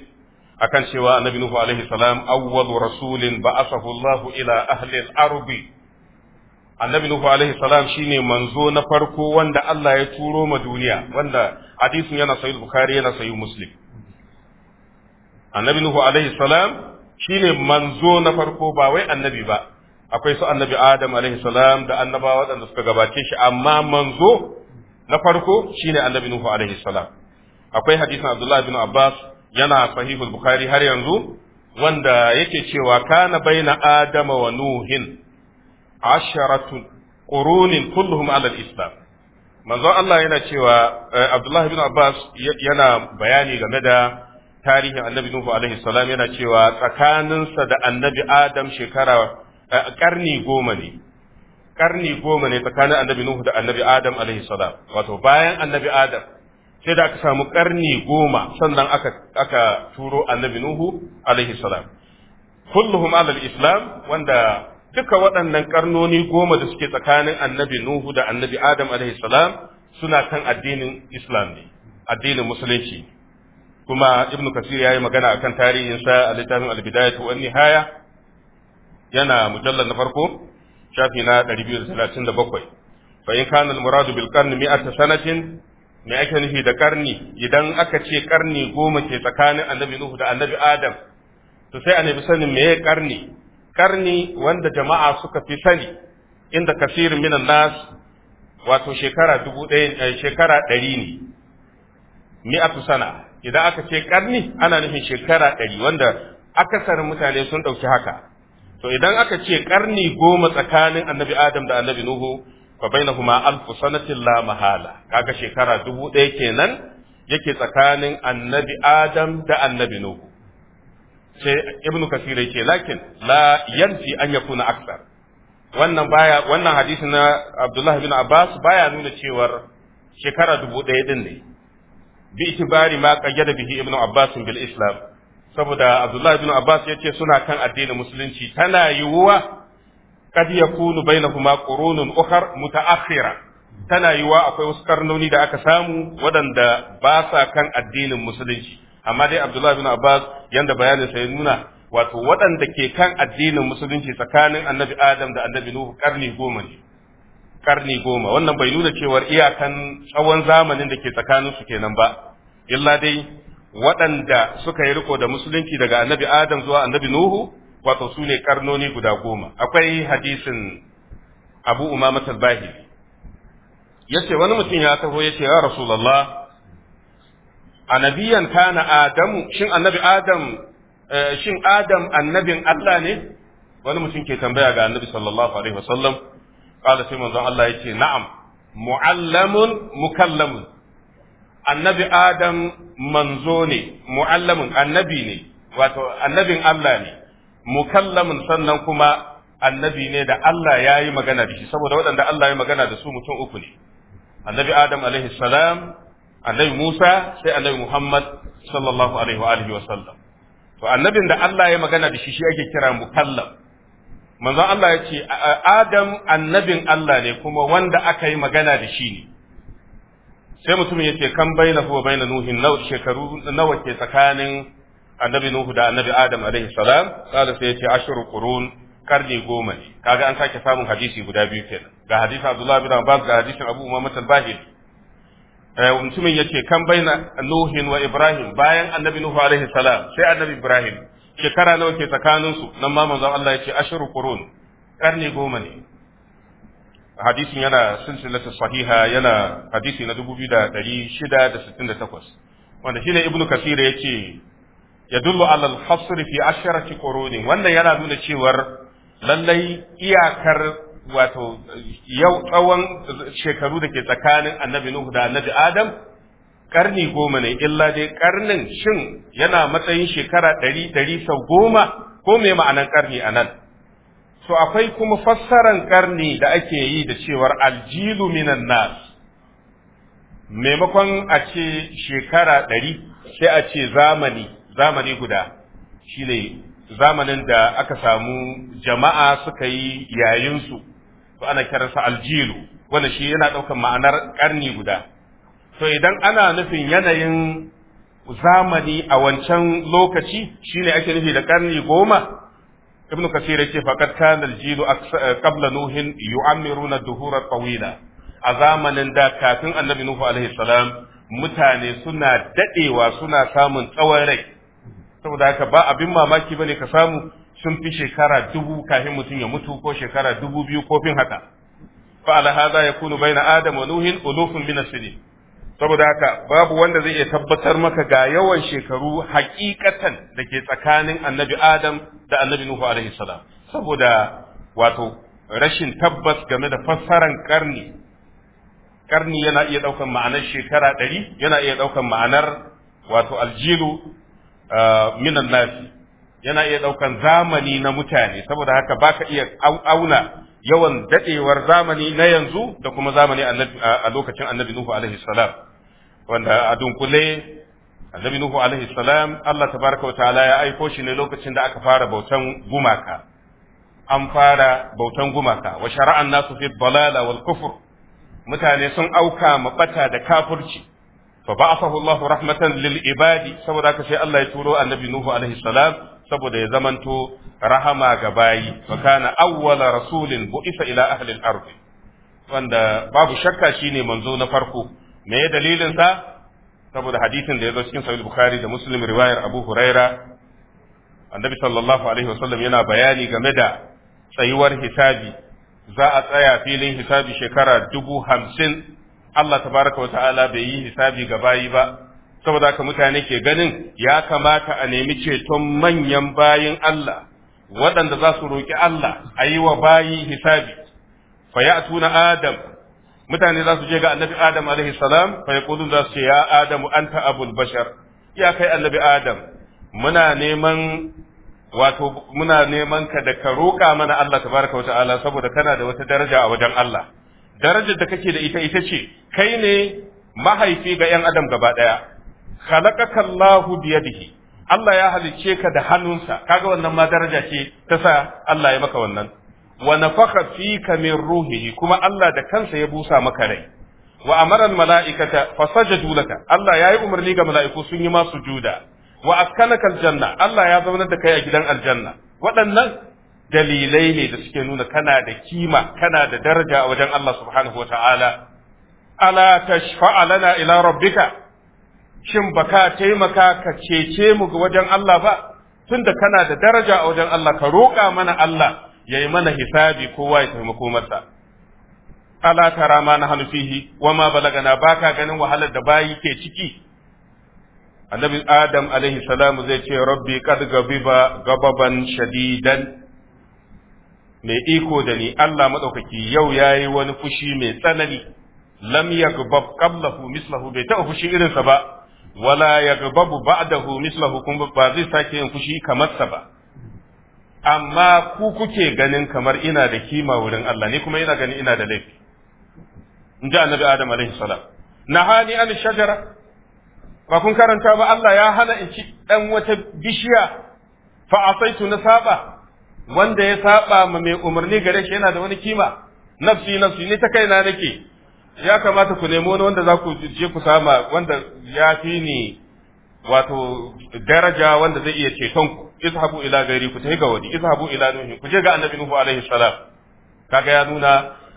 akan cewa annabi nuhu alaihi salam awwal rasulin ba'athahu Allah ila ahli al arbi. annabi nuhu alaihi salam shine manzo na farko wanda Allah ya turo ma duniya wanda hadisin yana sahih bukhari yana sahih muslim annabi nuhu alaihi salam shine manzo na farko ba wai annabi ba akwai su annabi adam alaihi salam da annabawa wadanda suka gabace shi amma manzo na farko shine annabi nuhu alaihi salam akwai hadisin abdullahi bin abbas yana sahih bukhari har yanzu wanda yake cewa kana baina adama wa nuhin asharatu qurunin kulluhum ala al-islam manzon Allah yana cewa Abdullah bin Abbas yana bayani game da tarihin Annabi Nuhu alaihi salam yana cewa tsakaninsa da Annabi Adam shekara karni goma ne karni goma ne tsakanin Annabi Nuhu da Annabi Adam alaihi salam wato bayan Annabi Adam sai da aka samu karni goma sannan aka aka turo Annabi Nuhu alaihi salam kulluhum ala islam wanda duka waɗannan karnoni goma da suke tsakanin annabi Nuhu da annabi Adam salam suna kan addinin Islam ne addinin musulunci kuma Ibn Kasir yi magana akan tarihin sa a littafin al wa Nihaya yana mujallar na farko shafi na 237 fa in kana muradu bil karni mi'ata sanatin me ake nufi da karni idan aka ce karni goma ke tsakanin annabi Nuhu da annabi Adam to sai a nemi sanin meye karni karni wanda jama'a suka fi sani inda kasirin minan nas wato shekara dubu ɗaya eh, shekara ɗari ne mi'atu sana idan aka ce karni ana nufin shekara ɗari wanda akasarin mutane sun ɗauki haka to idan aka ce karni goma tsakanin annabi adam da annabi nuhu fa bainahuma alfu sanatin la mahala kaga shekara dubu ɗaya kenan yake tsakanin annabi adam da annabi nuhu sai ibnu kasir yake lakin la yanti an yakuna akthar wannan baya wannan hadisi na Abdullah bin Abbas baya nuna cewar shekara dubu ɗaya din ne bi itibari ma qayyada bihi ibnu Abbas bil Islam saboda Abdullah bin Abbas yace suna kan addinin musulunci tana yiwuwa kad yakunu bainahuma qurunun ukhar mutaakhira tana yiwuwa akwai wasu karnoni da aka samu waɗanda ba sa kan addinin musulunci amma dai Abdullahi bin Abbas yanda bayanin sa ya nuna wato waɗanda ke kan addinin musulunci tsakanin annabi Adam da annabi Nuhu karni goma ne karni goma wannan bai nuna cewar iyakan tsawon zamanin da ke tsakanin su kenan ba illa dai waɗanda suka yi riko da musulunci daga annabi Adam zuwa annabi Nuhu wato su ne karnoni guda goma akwai hadisin Abu Umama Talbahi yace wani mutum ya taho yace ya Rasulullah anabiyan kana adamu shin annabi adam eh, shin adam annabin Allah ne wani mutum ke tambaya ga annabi sallallahu alaihi wasallam kala sai manzon Allah ya ce na'am mu'allamun mukallamun annabi adam manzo ne mu'allamun annabi ne wato annabin Allah ne mukallamun sannan kuma annabi ne da Allah ya yi magana da shi saboda waɗanda Allah ya magana da su mutum uku ne annabi adam alaihi salam annabi Musa sai annabi Muhammad sallallahu alaihi wa alihi wa sallam to annabin da Allah ya magana da shi shi ake kira mukallaf manzo Allah ya ce Adam annabin Allah ne kuma wanda aka yi magana da shi ne sai mutumin ya ce kan baina huwa baina nuhin nawa shekaru nawa ke tsakanin annabi Nuhu da annabi Adam alaihi salam kada sai ya ce ashru qurun karni goma ne kaga an sake samun hadisi guda biyu kenan ga hadisi Abdullah bin Abbas ga hadisin Abu Umamah al-Bahili Eh, mutumin ce kan bai na nuhin wa ibrahim bayan annabi nuhu alaihi salam sai annabi ibrahim shekara nawa ke tsakaninsu nan ma manzon Allah ya ce ashru qurun karni goma ne hadisin yana silsilatu sahiha yana hadisi na dubu biyu da da da shida sittin takwas wanda shine ibnu ya ce yadullu ala al-hasr fi asharati qurun wannan yana nuna cewar lallai iyakar wato yau tsawon shekaru da ke tsakanin annabi Nuhu da annabi Adam karni goma ne illa dai karnin shin yana matsayin shekara ɗari ɗari sau goma ko mai ma'anan karni a nan to akwai kuma fassaran karni da ake yi da cewar aljilu minan nas maimakon a ce shekara ɗari sai a ce zamani zamani guda shi ne zamanin da aka samu jama'a suka yi yayinsu to ana kiransa aljilu wanda shi yana ɗaukan ma'anar ƙarni guda to idan ana nufin yanayin zamani a wancan lokaci shine ake nufi da ƙarni goma ibnu kasir yace faqad kana aljilu eh, qabla nuhin yu'ammiruna duhura tawila a zamanin da kafin annabi nuhu alaihi salam mutane suna dadewa suna samun tsawon rai saboda haka ba abin mamaki bane ka samu sun fi shekara dubu kafin mutum ya mutu ko shekara dubu biyu ko fin haka fa ala hadha yakunu baina adam wa nuhin ulufun min as-sinin saboda haka babu wanda zai iya tabbatar maka ga yawan shekaru hakikatan da ke tsakanin annabi adam da annabi nuhu alaihi salam saboda wato rashin tabbas game da fassaran karni karni yana iya daukan ma'anar shekara ɗari yana iya daukan ma'anar wato aljilu ah, minan nasi yana iya ɗaukan zamani na mutane saboda haka baka iya auna yawan daɗewar zamani na yanzu da kuma zamani a lokacin annabi nuhu alaihi salam wanda a dunkule annabi nuhu alaihi salam Allah tabaraka wa ta'ala ya aiko shi ne lokacin da aka fara bautan gumaka an fara bautan gumaka wa shara'an nasu fi dalala wal kufr mutane sun auka mabata da kafirci fa ba'athahu Allahu rahmatan lil ibadi saboda haka sai Allah ya turo annabi nuhu alaihi salam saboda ya zamanto rahama ga bayi fa kana awwala rasulin bu'isa ila ahli al-ard wanda babu shakka shine manzo na farko me dalilin sa saboda hadisin da ya zo cikin sahih bukhari da muslim riwayar abu huraira annabi sallallahu alaihi wasallam yana bayani game da tsayuwar hisabi za a tsaya filin hisabi shekara dubu hamsin Allah tabaraka wa ta'ala bai yi hisabi ga bayi ba saboda haka mutane ke ganin ya kamata a nemi ceton manyan bayin Allah waɗanda za su roƙi Allah a yi wa bayi hisabi fa ya tuna adam mutane za su je ga annabi adam alaihi salam fa ya za su ce ya adamu anta abul bashar ya kai annabi adam muna neman wato muna neman ka da ka roƙa mana Allah tabaraka wa ta'ala saboda kana da wata daraja a wajen Allah darajar da kake da ita ita ce kai ne mahaifi ga 'yan adam gaba ɗaya khalaqaka Allahu yadihi Allah ya halicce ka da hannunsa kaga wannan ma daraja ce ta sa Allah ya maka wannan wa nafakha fika min ruhihi kuma Allah da kansa ya busa maka rai wa amara al mala'ikata fasajadu laka Allah yayi umarni ga mala'iku sun yi masu juda. wa askanaka al janna Allah ya zaunar da kai a gidan aljanna waɗannan dalilai ne da suke nuna kana da kima kana da daraja a wajen Allah subhanahu wa ta'ala, ala tashfa'a lana ila rabbika shin baka taimaka ka cece mu ga wajen Allah ba tunda kana da daraja a wajen Allah ka roƙa mana Allah ya yi mana hisabi kowa ya taimako masa ala tara na hannu fihi wa ma balagana baka ganin wahalar da bayi ke ciki annabi adam alaihi salam zai ce rabbi kad gabiba gababan shadidan mai iko da ni Allah madaukaki yau yayi wani fushi mai tsanani lam yagbab qablahu mislahu bai ta fushi irinsa ba wala yaghbabu ba'dahu mislahu kun ba zai sake yin fushi kamar sa ba amma ku kuke ganin kamar ina da kima wurin Allah ni kuma ina ganin ina da laifi in ji annabi Adam alaihi salam nahani an shajara ba kun karanta ba Allah ya hana in ci dan wata bishiya fa asaitu na saba wanda ya saba ma mai umarni gare shi yana da wani kima nafsi nafsi ni ta kaina nake ya kamata ku nemo wani wanda za ku je ku sama wanda ya fi ni wato daraja wanda zai iya ceton ku izhabu ila gairi ku tafi ga wani izhabu ila nuhu ku je ga annabi nuhu alaihi salam kaga ya nuna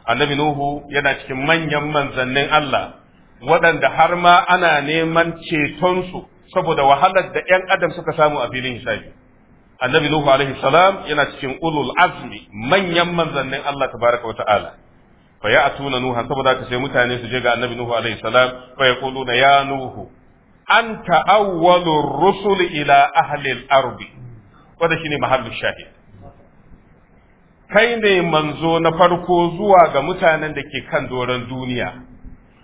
annabi nuhu yana cikin manyan manzannin Allah waɗanda har ma ana neman ceton su saboda wahalar da ƴan adam suka samu a filin hisabi annabi nuhu alaihi salam yana cikin ulul azmi manyan manzannin Allah tabaraka wa ta'ala fa ya atuna nuha saboda ka sai mutane su je ga annabi nuhu alaihi salam fa yaquluna ya nuhu anta awwalur rusul ila ahli al-ard wanda shine mahallu shahid kai ne manzo na farko zuwa ga mutanen da ke kan doron duniya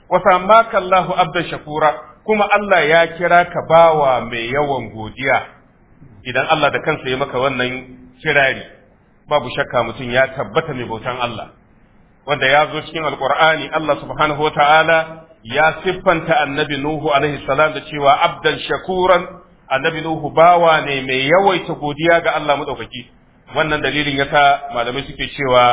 wa sammaka abdan shakura kuma Allah ya kira ka bawa mai yawan godiya idan Allah da kansa ya maka wannan kirari babu shakka mutum ya tabbata mai bautan Allah wanda ya zo cikin Alƙur'ani Allah subhanahu wataala ya siffanta annabi nuhu alaihi salam da cewa abdan shakuran annabi nuhu bawa ne mai yawaita godiya ga Allah madaukaki wannan dalilin yasa malamai suke cewa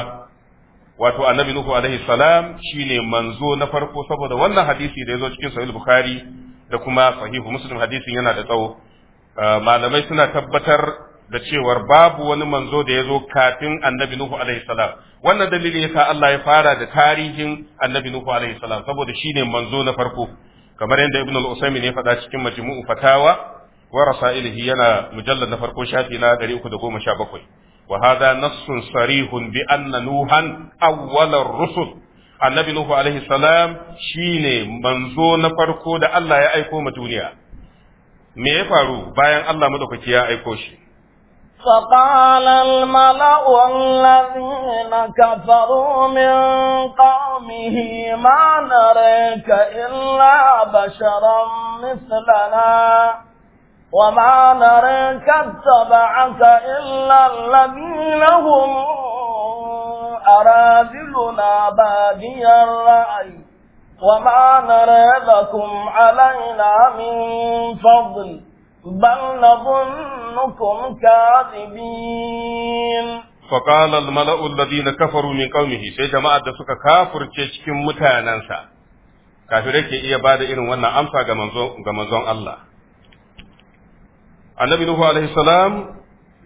wato annabi nuhu alaihi salam shine manzo na farko saboda wannan hadisi da zo cikin sahih bukhari da kuma sahihu muslim hadisin yana da tsawo malamai suna tabbatar da cewar babu wani manzo da ya zo kafin annabi Nuhu alaihi salam wannan dalili yasa Allah ya fara da tarihin annabi Nuhu alaihi salam saboda shine manzo na farko kamar yadda Ibn al-Usaymin ya faɗa cikin Majmu'u Fatawa wa Rasailihi yana mujallad na farko shafi na 317 wa hadha nassun sarihun bi anna Nuhan awwalar rusul annabi Nuhu alaihi salam shine manzo na farko da Allah ya aiko ma duniya me ya faru bayan Allah madaukaki ya aiko shi فقال الملأ الذين كفروا من قومه ما نريك إلا بشرا مثلنا وما نريك اتبعك إلا الذين هم أراذلنا بادي الرأي وما نري لكم علينا من فضل بل نظنكم كاذبين فقال الملأ الذين كفروا من قومه sai jama'ar da suka kafurce cikin mutanansa kafirai ke iya bada irin wannan amsa ga manzon ga manzon Allah Annabi Nuhu alaihi salam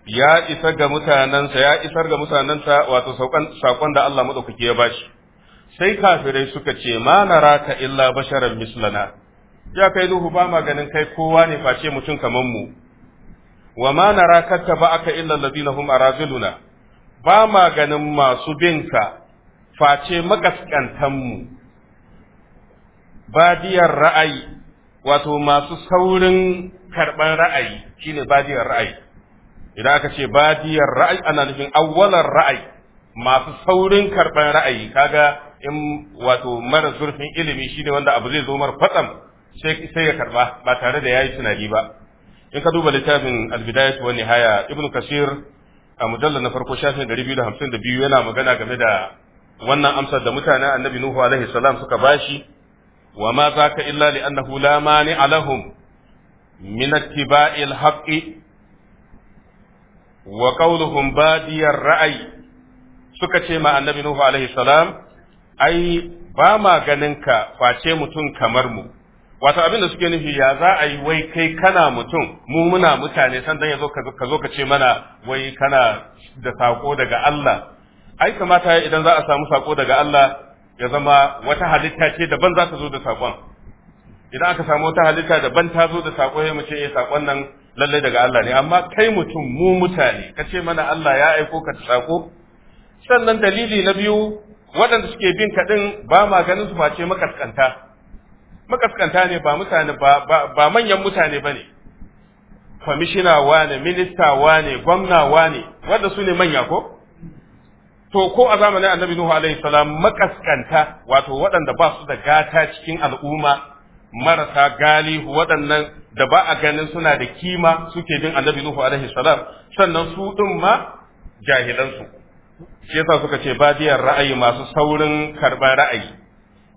ya isa ga mutanansa ya isar ga mutanansa wato saukan sakon da Allah madaukake ya bashi sai kafirai suka ce ma naraka illa basharan mislana ya kai duhu ba ma ganin kai kowa ne face mutum kaman mu wa ma nara ba aka illa alladhina hum araziluna ba ma ganin masu binka face makaskantan mu badiyar ra'ayi wato masu saurin karban ra'ayi shine badiyar ra'ayi idan aka ce badiyar ra'ayi ana nufin awwalar ra'ayi masu saurin karban ra'ayi kaga in wato mara zurfin ilimi shine wanda abu zai zo mar fatsam sai ya karba ba tare da yayi tunani ba in ka duba littafin albidayat wa nihaya ibnu kasir a mujallar na farko shafin biyu yana magana game da wannan amsar da mutanen annabi nuhu alaihi salam suka bashi wa ma ka illa li annahu la mani alahum min haqqi wa qawluhum badiyar ra'ayi suka ce ma annabi nuhu alaihi salam ai ba ma ganin ka face mutum kamar mu wato abin da suke nufi ya za a yi wai kai kana mutum mu muna mutane san dan yazo ka zo ka ce mana wai kana da sako daga Allah ai kamata idan za a samu sako daga Allah ya zama wata halitta ce daban za ta zo da sakon idan aka samu wata halitta daban ta zo da sako ya mu ce eh sakon nan lalle daga Allah ne amma kai mutum mu mutane ka ce mana Allah ya aiko ka ta sako sannan dalili na biyu waɗanda suke bin kaɗin ba ma ganin su face makaskanta makaskanta ne ba mutane ba manyan mutane ba ne kwamishina wane minista wane gwamna wane wanda su ne manya ko to ko a zamanin annabi nuhu alaihi salam makaskanta wato waɗanda ba su da gata cikin al'umma marasa galihu waɗannan da ba a ganin suna da kima suke bin annabi nuhu alaihi salam sannan su din ma jahilansu shi yasa suka ce badiyar ra'ayi masu saurin karɓar ra'ayi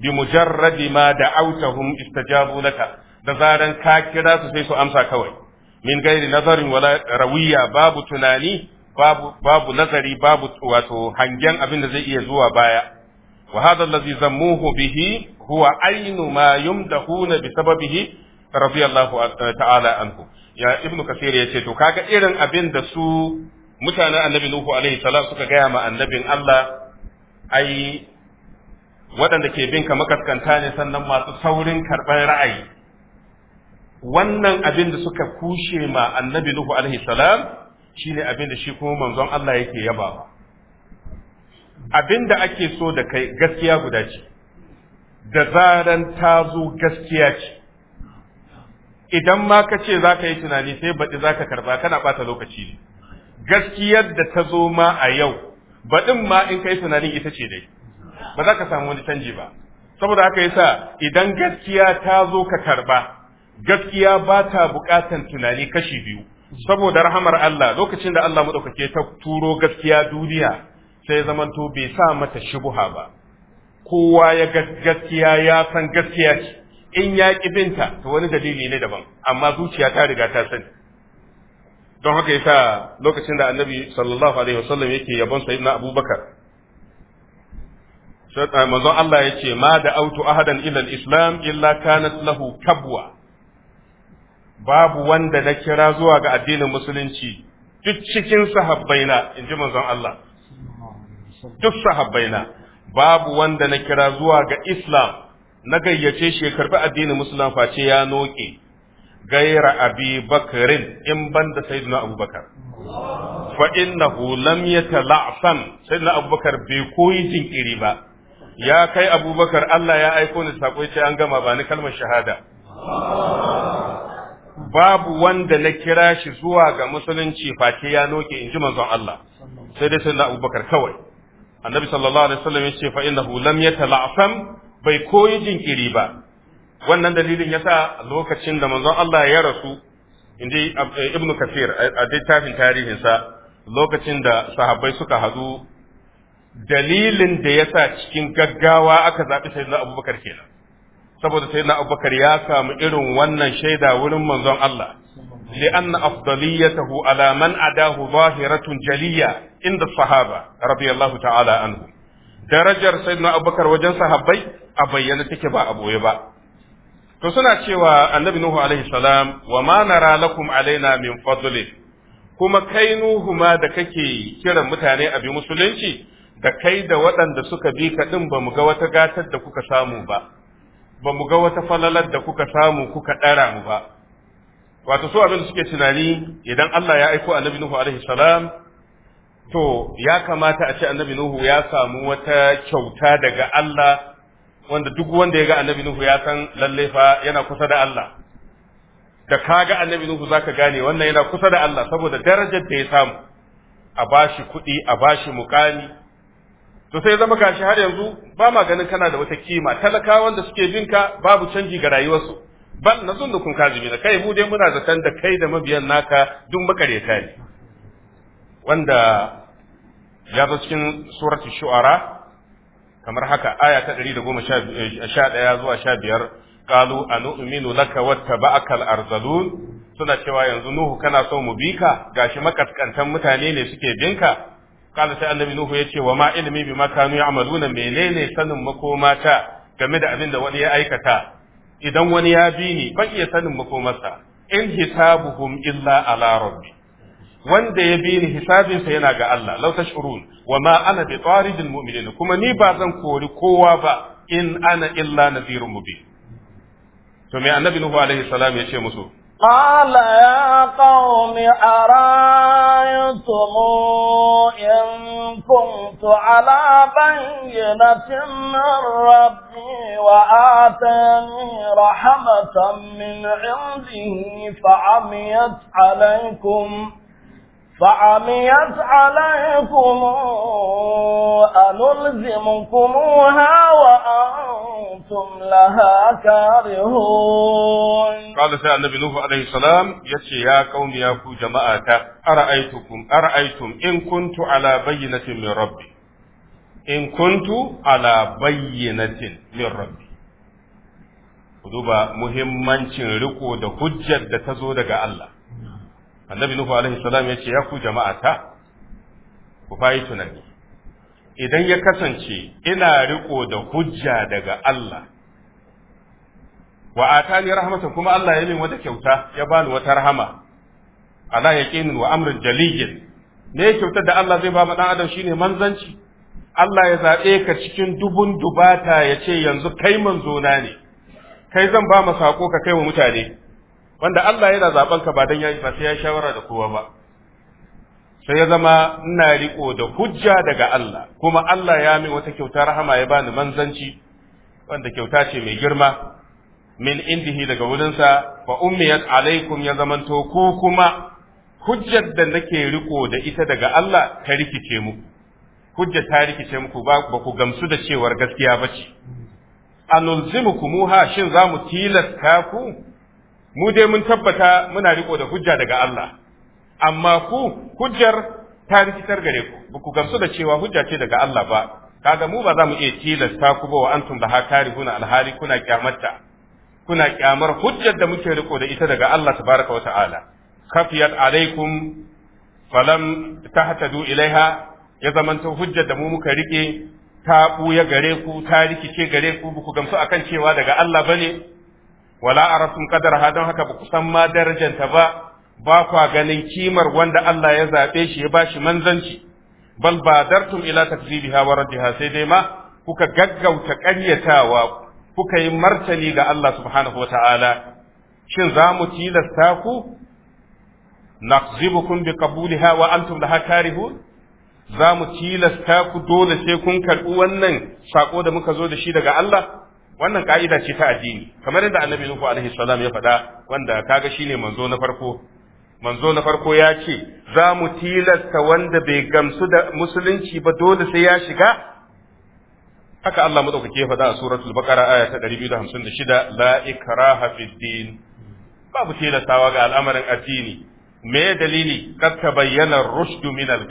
bi mujarradi ma da'awtahum istajabu laka da zaran ka kira su sai su amsa kawai min gairi nazarin wala rawiya babu tunani babu nazari babu wato hangen abin da zai iya zuwa baya wa hadha allazi zammuhu bihi huwa ainu ma yumdahuna bi sababihi radiyallahu ta'ala anhu ya ibnu kasir yace to kaga irin abin da su mutanen annabi nuhu alaihi salam suka gaya ma annabin Allah ai waɗanda ke bin ka makaskanta ne sannan masu saurin karɓar ra'ayi wannan abin da suka kushe ma annabi nuhu alaihi salam shine abin da shi kuma manzon Allah yake yabawa abin da ake so da kai gaskiya guda ce da zaran ta zo gaskiya ce idan ma ka ce za ka yi tunani sai baɗi za ka karɓa kana ɓata lokaci ne gaskiyar da ta zo ma a yau baɗin ma in ka yi tunanin ita ce dai ba za ka samu wani canji ba saboda haka yasa idan gaskiya ta zo ka karba gaskiya ba ta bukatan tunani kashi biyu saboda rahamar Allah lokacin da Allah madaukake ta turo gaskiya duniya sai zamanto bai sa mata shubuha ba kowa ya gaskiya ya san gaskiya ce in ya kibinta binta to wani dalili ne daban amma zuciya ta riga ta sani don haka yasa lokacin da annabi sallallahu alaihi wasallam yake yabon sayyidina abubakar manzon Allah ya ce ma da autu ahadan ilal islam illa kanat lahu kabwa babu wanda na kira zuwa ga addinin musulunci duk cikin sahabbaina in ji manzon Allah duk sahabbaina babu wanda na kira zuwa ga islam na gayyace shi karbi addinin musulun face ya noke gaira abi bakarin in banda sayyidina abubakar fa innahu lam yatala'sam sayyidina abubakar bai koyi jinkiri ba ya kai abubakar Allah ya aiko ni sako ce an gama ba ni kalmar shahada babu wanda na kira shi zuwa ga musulunci face ya noke in ji manzon Allah sai dai sai na abubakar kawai annabi sallallahu alaihi wasallam ya ce fa innahu lam yatala'fam bai koyi jinkiri ba wannan dalilin yasa lokacin da manzon Allah ya rasu ji eh, ibnu kafir a littafin tarihinsa lokacin da sahabbai suka hadu dalilin da ya sa cikin gaggawa aka zaɓi sai abubakar kenan saboda sai abubakar ya samu irin wannan shaida wurin manzon Allah li'anna afdaliyatahu ala alaman adahu zahiratun jaliya inda sahaba radiyallahu ta'ala anhu darajar sayyidina abubakar wajen sahabbai a bayyana take ba a boye ba to suna cewa annabi nuhu alaihi salam wa ma alaina min fadli kuma kai nuhu ma da kake kiran mutane abin musulunci da kai da waɗanda suka bi ka ɗin ba mu ga wata gatar da kuka samu ba ba mu ga wata falalar da kuka samu kuka ɗara mu ba wato su abin da suke tunani idan Allah ya aiko annabi Nuhu alaihi salam to ya kamata a ce annabi Nuhu ya samu wata kyauta daga Allah wanda duk wanda ya ga annabi Nuhu ya san lalle fa yana kusa da Allah da ka ga annabi Nuhu ka gane wannan yana kusa da Allah saboda darajar da ya samu a bashi kuɗi a bashi mukami to sai zama gashi har yanzu ba ma ganin kana da wata kima talaka wanda suke bin ka babu canji ga rayuwarsu ban na zunnu kun kazibi na kai mu dai muna zaton da kai da mabiyan naka duk makareta ne wanda ya zo cikin suratul shu'ara kamar haka aya ta 111 eh, zuwa 15 qalu anu'minu laka wattaba'aka al-arzalun suna cewa yanzu nuhu kana so mu bi ka gashi makaskantan mutane ne suke binka kala annabi nuhu yace wa ma ilmi bi ma kanu ya'maluna ne sanin makomata game da abin da wani ya aikata idan wani ya bini ni ban iya sanin makomarsa in hisabuhum illa ala wanda ya bini hisabinsa yana ga Allah law tashurun wa ma ana bi taridil mu'minin kuma ni ba zan kori kowa ba in ana illa nadhirun mubin to me annabi nuhu alaihi ya ce musu قال يا قوم أرايتم إن كنت على بينة من ربي وآتاني رحمة من عنده فعميت عليكم فعميت عليكم أنلزمكموها وأنتم لها كارهون قال سيدنا النبي نوح عليه السلام يتي يا قوم يا كو جماعة أرأيتكم أرأيتم إن كنت على بينة من ربي إن كنت على بينة من ربي duba muhimmancin riko da hujjar da ta zo daga Allah annabi nuhu alaihi salam ya ce ya ku ta. ku fayi tunani idan ya kasance ina riko da hujja daga Allah wa atani rahmatan kuma Allah ya min wata kyauta ya bani wata rahama ala yaqinin wa amrul jaliyin ne kyautar da Allah zai ba ma dan adam shine manzanci Allah ya zaɓe ka cikin dubun dubata ya ce yanzu kai manzo na ne kai zan ba mu sako ka kai wa mutane wanda Allah yana zaben ka ba dan yayi ba sai ya shawara da kowa ba sai ya zama ina riko da hujja daga Allah kuma Allah ya min wata kyauta rahama ya bani manzanci wanda kyauta ce mai girma min indihi daga wurinsa fa ummiyat alaikum ya zamanto ku kuma hujjar da nake riko da ita daga Allah ta rikice mu hujja ta rikice muku ba ba ku gamsu da cewar gaskiya bace anulzimukumuha shin zamu tilasta ku mu dai mun tabbata muna riko da hujja daga Allah amma ku hujjar ta rikitar gare ku ba ku gamsu da cewa hujja ce daga Allah ba kaga mu ba za mu iya tilasta ku ba wa antum da na alhali kuna kyamarta kuna kyamar hujjar da muke riko da ita daga Allah tabaraka wa ta'ala kafiyat alaikum falam tahtadu ilaiha ya zamanta hujjar da mu muka rike ta buya gare ku ta rikice gare ku ba ku gamsu akan cewa daga Allah bane wala araftum qadarha don haka ba ku san ma darajanta ba ba kwa ganin kimar wanda Allah ya zaɓe shi ya bashi manzanci bal badartum ila takzibiha wa raddiha sai dai ma kuka gaggauta ƙaryatawa kuka yi martani ga Allah subhanahu wa ta'ala shin za mu tilasta ku naqzibukum bi hawa wa antum laha karihun za mu tilasta ku dole sai kun karɓi wannan sako da muka zo da shi daga Allah wannan ka'ida ce ta addini kamar yadda annabi nuhu alaihi salam ya faɗa wanda ga shine manzo na farko manzo na farko ya ce za mu tilasta wanda bai gamsu da musulunci ba dole sai ya shiga haka Allah madaukake ya faɗa a suratul baqara aya ta 256 la ikraha fid din babu tilastawa ga al'amarin addini me dalili kad tabayyana rushdu min al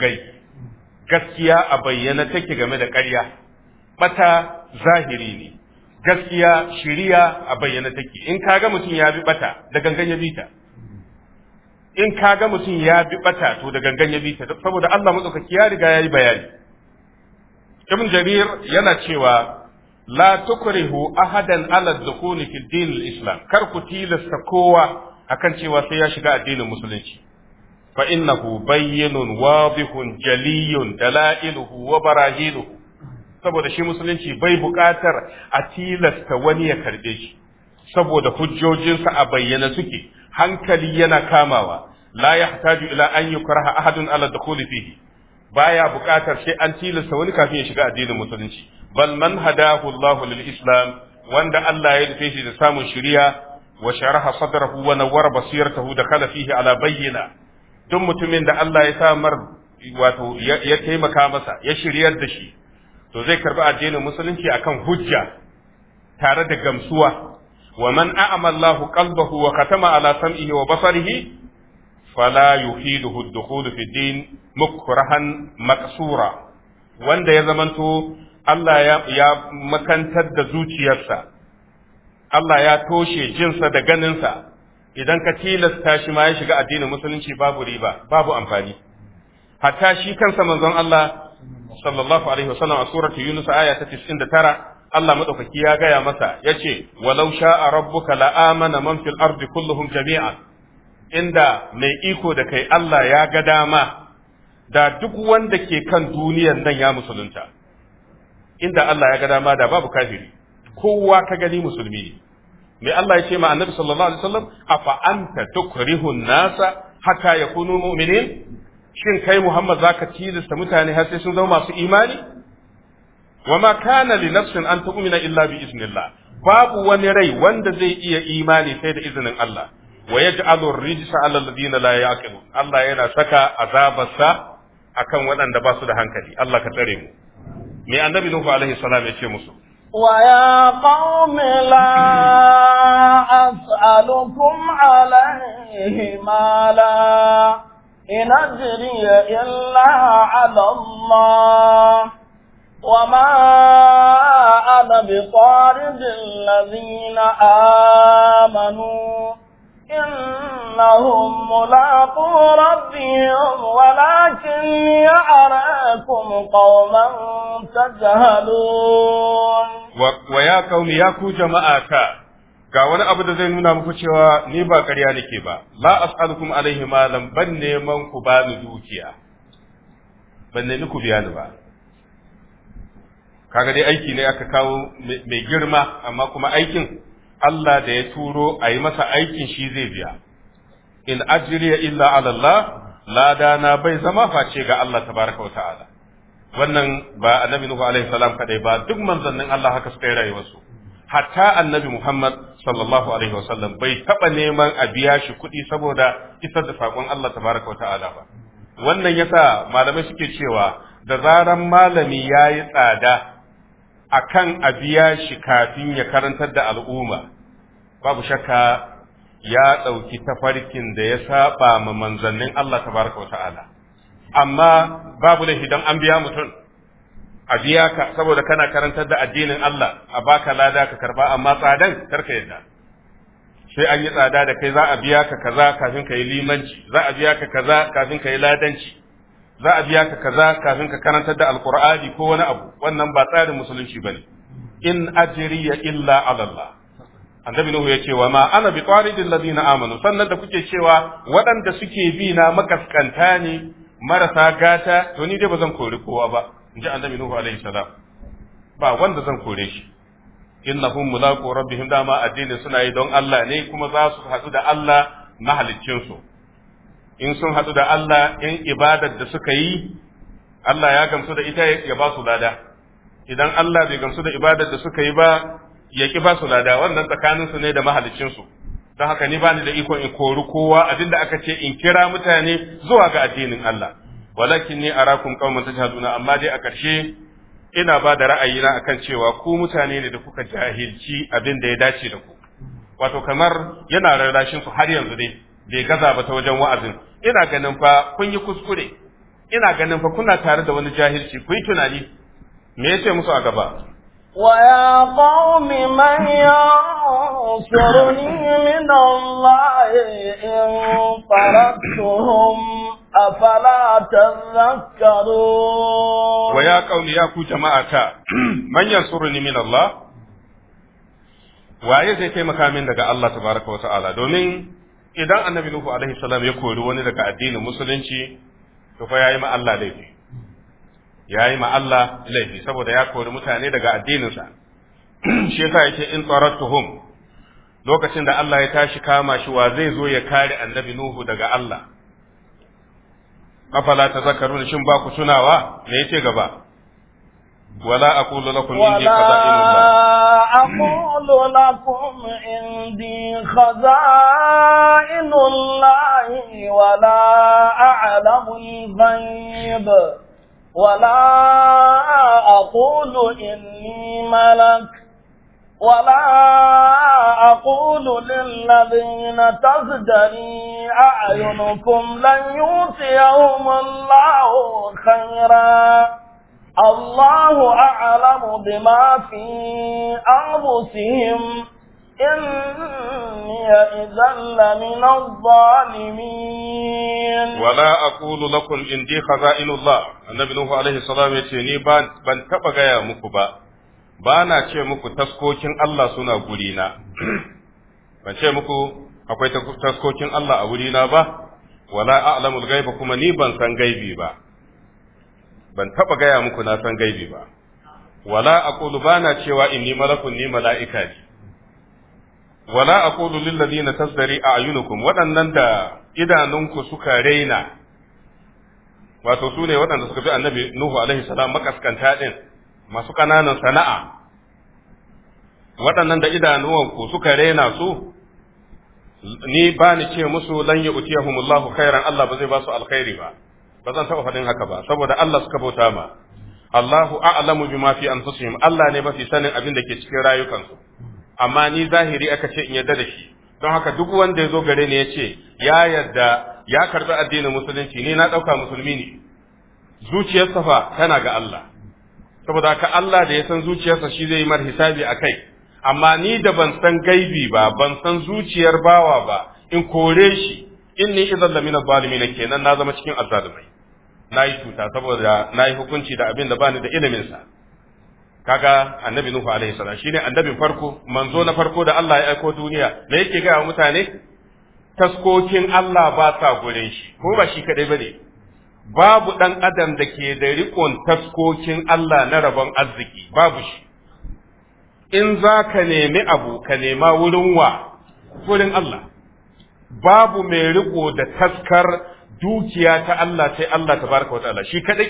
gaskiya a bayyana take game da ƙarya Mata zahiri ne gaskiya shiriya a bayyana take in kaga mutum ya bi bata da gangan ya ta in kaga mutum ya bi bata to da gangan ya ta saboda Allah madaukaki ya riga yayi bayani Ibn Jarir yana cewa la tukrihu ahadan ala dukhul fi din islam kar ku tilasta kowa akan cewa sai ya shiga addinin musulunci fa innahu bayyinun wadihun jaliyun dalailuhu wa barahiluhu saboda shi musulunci bai buƙatar a tilasta wani ya karɓe shi saboda hujjojinsa a bayyana suke hankali yana kamawa la yahtaju ila an yukraha ahadun ala dukhuli fihi baya buƙatar sai an tilasta wani kafin ya shiga addinin musulunci bal man hadahu Allah lil islam wanda Allah ya rufe shi da samun shiriya wa sharaha sadrahu wa nawwara basiratahu da kala fihi ala bayyina duk mutumin da Allah ya samar wato ya taimaka masa ya shiryar da shi to zai karbi addinin musulunci akan hujja tare da gamsuwa wa man a'ama Allah qalbahu wa khatama ala sam'ihi wa basarihi fala yuhiduhu ad-dukhul fi din mukrahan maqsura wanda ya zamanto Allah ya, ya makantar da zuciyarsa Allah ya toshe jinsa da ganinsa idan ka tilasta shi ma ya shiga addinin musulunci babu riba babu amfani hatta shi kansa manzon Allah sallallahu alaihi wasallam a suratu yunus aya ta tara. Allah madaukaki ya gaya masa Ya ce walausha a rabbuka la amana man fil ardi kulluhum jami'an inda mai iko da kai Allah ya ga dama da duk wanda ke kan duniyar nan ya musulunta inda Allah ya ga dama da babu kafiri kowa ka gani musulmi me Allah ya ce ma annabi sallallahu alaihi wasallam afa anta tukrihu nasa hatta yakunu mu'minin shin kai Muhammad zaka tilasta mutane har sai sun zama masu imani wama kana li nafsin an tu'mina illa bi iznillah babu wani rai wanda zai iya imani sai da izinin Allah wa yaj'alu ar-rijsa 'ala alladhina la yaqilun Allah yana saka azabarsa akan waɗanda ba su da hankali Allah ka tsare mu me annabi nuhu alaihi salam ya ce musu ya قوم لا أسألكم عليه مالا إن أجري إلا على الله وما أنا بطارد الذين آمنوا إنهم ملاقو ربهم ولكني أراكم قوما تجهلون ويا قوم يا كو جماعة ga wani abu da zai nuna muku cewa ni ba ƙarya nake ba la as'alukum alaihi malam ban neman ku ba ni dukiya ban nemi ku biya ni ba kaga dai aiki ne aka kawo mai girma amma kuma aikin Allah da ya turo a yi masa aikin shi zai biya in ajriya illa ala Allah lada na bai zama face ga Allah tabaraka wa ta'ala wannan ba annabi nuhu alaihi salam kadai ba duk manzannin Allah haka suka yi rayuwarsu hatta annabi Muhammad sallallahu alaihi wasallam bai taɓa neman a biya shi kuɗi saboda isar da sakon Allah tabaraka wa ta'ala ba wannan yasa malamai suke cewa da zaran malami ya yi tsada akan a biya shi kafin ya karantar da al'umma babu shakka ya ɗauki tafarkin da ya saɓa ma manzannin Allah tabaraka wa ta'ala amma babu laifi don an biya mutum a biya ka saboda kana karantar da addinin Allah a baka lada ka karba amma tsadan karka yadda sai an yi tsada da kai za a biya ka kaza kafin ka yi limanci za a biya ka kaza kafin ka yi ladanci za a biya ka kaza kafin ka karantar da alqur'ani ko wani abu wannan ba tsarin musulunci bane in ya illa ala Allah annabi nuhu ya cewa wa ma ana bi qaridil ladina amanu sannan da kuke cewa waɗanda suke bi na makaskanta ne marasa gata to ni dai ba zan kori kowa ba inji annabi nuhu alayhi salam ba wanda zan kore shi innahum mulaqu rabbihim dama addini suna yi don Allah ne kuma za su haɗu da Allah mahaliccin su in sun haɗu da Allah in ibadar da suka yi Allah ya gamsu da ita ya ba su lada idan Allah bai gamsu da ibadar da suka yi ba ya ki ba su lada wannan tsakanin su ne da mahaliccin su don haka ni bani da ikon in kori kowa abinda aka ce in kira mutane zuwa ga addinin Allah walakin ni arakum qauman tajhaduna amma dai a ƙarshe ina ba da ra'ayina a kan cewa ku mutane ne da kuka jahilci abin da ya dace da ku wato kamar yana rarrashin su har yanzu dai bai gaza ba ta wajen wa'azin ina ganin fa kun yi kuskure ina ganin fa kuna tare da wani jahilci ku yi tunani me yace musu a gaba ويا قوم من ينصرني من الله إن طردتهم afala tadhakkarun wa ya qauli ya ku jama'ata man yansuruni min Allah waye zai taimaka min daga Allah tabaraka wa ta'ala domin idan annabi Nuhu alaihi salam ya kori wani daga addinin musulunci to fa yayi ma Allah laifi yayi ma Allah laifi saboda ya kori mutane daga addininsa shi yasa yake in tsarattuhum lokacin da Allah ya tashi kama shi wa zai zo ya kare annabi Nuhu daga Allah afala ta zakaru da shin ba ku tunawa me yace gaba wala aqulu lakum inni khaza'inu wala aqulu lakum indi khaza'inu llahi wala a'lamu al-ghayb wala aqulu inni malak ولا أقول للذين تزدري أعينكم لن يؤتيهم الله خيرا الله أعلم بما في أنفسهم إني إذا لمن الظالمين ولا أقول لكم إني خزائن الله النبي نوح عليه السلام يتيني بان تبقى يا مكبا ba na ce muku taskokin Allah suna gurina ban ce muku akwai taskokin Allah a wurina ba wala a'lamul gaiba kuma ni ban san gaibi ba ban taba gaya muku na san gaibi ba wala ba bana cewa in ni malakun ni mala'ika ne wala aqulu lil na tasdari a'yunukum waɗannan da idanunku suka raina wato su ne waɗanda suka bi annabi nuhu alaihi salam makaskanta ɗin, masu ƙananan sana'a waɗannan da idanuwanku suka rena su ni ba ni ce musu lan yi utiyahumullahu khairan Allah ba zai ba su alkhairi ba ba zan taɓa faɗin haka ba saboda Allah suka bauta ma Allahu a'lamu bima fi anfusihim Allah ne fi sanin abin da ke cikin rayukansu amma ni zahiri aka ce in yarda da shi don haka duk wanda ya zo gare ni ya ce ya yarda ya karɓi addinin musulunci ni na ɗauka musulmi ne zuciyarsa fa tana ga Allah saboda ka Allah da ya san zuciyarsa shi zai yi mar hisabi a kai amma ni da ban san gaibi ba ban san zuciyar bawa ba in kore shi in ni idan lamina na kenan na zama cikin azalimai, na yi cuta saboda na yi hukunci da abin da bani da iliminsa kaga annabi nuhu alaihi salam shine annabin farko manzo na farko da Allah ya aiko duniya me yake ga mutane taskokin Allah ba sa gurin shi ko ba shi kadai bane babu ɗan adam da ke da riƙon taskokin Allah na rabon arziki babu shi in za ka nemi abu ka nema wurin wa wurin Allah babu mai riƙo da taskar dukiya ta Allah sai Allah tabaraka wa ta'ala shi kadai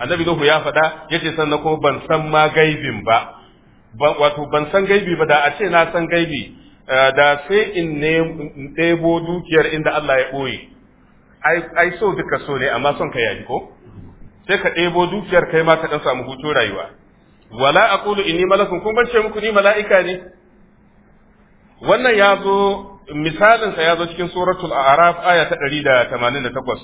annabi Nuhu ya faɗa yace sannan ko ban san ma gaibin ba wato ban san gaibi ba da a ce na san gaibi eh, da sai in ɗebo dukiyar inda Allah ya ɓoye ai so duka so ne amma son ka yaji ko sai ka ɗebo dukiyar kai ma ka ɗan samu hutu rayuwa wala aqulu inni malakun kun ban ce muku ni mala'ika ne wannan ya zo misalin sa ya zo cikin suratul a'raf aya ta 188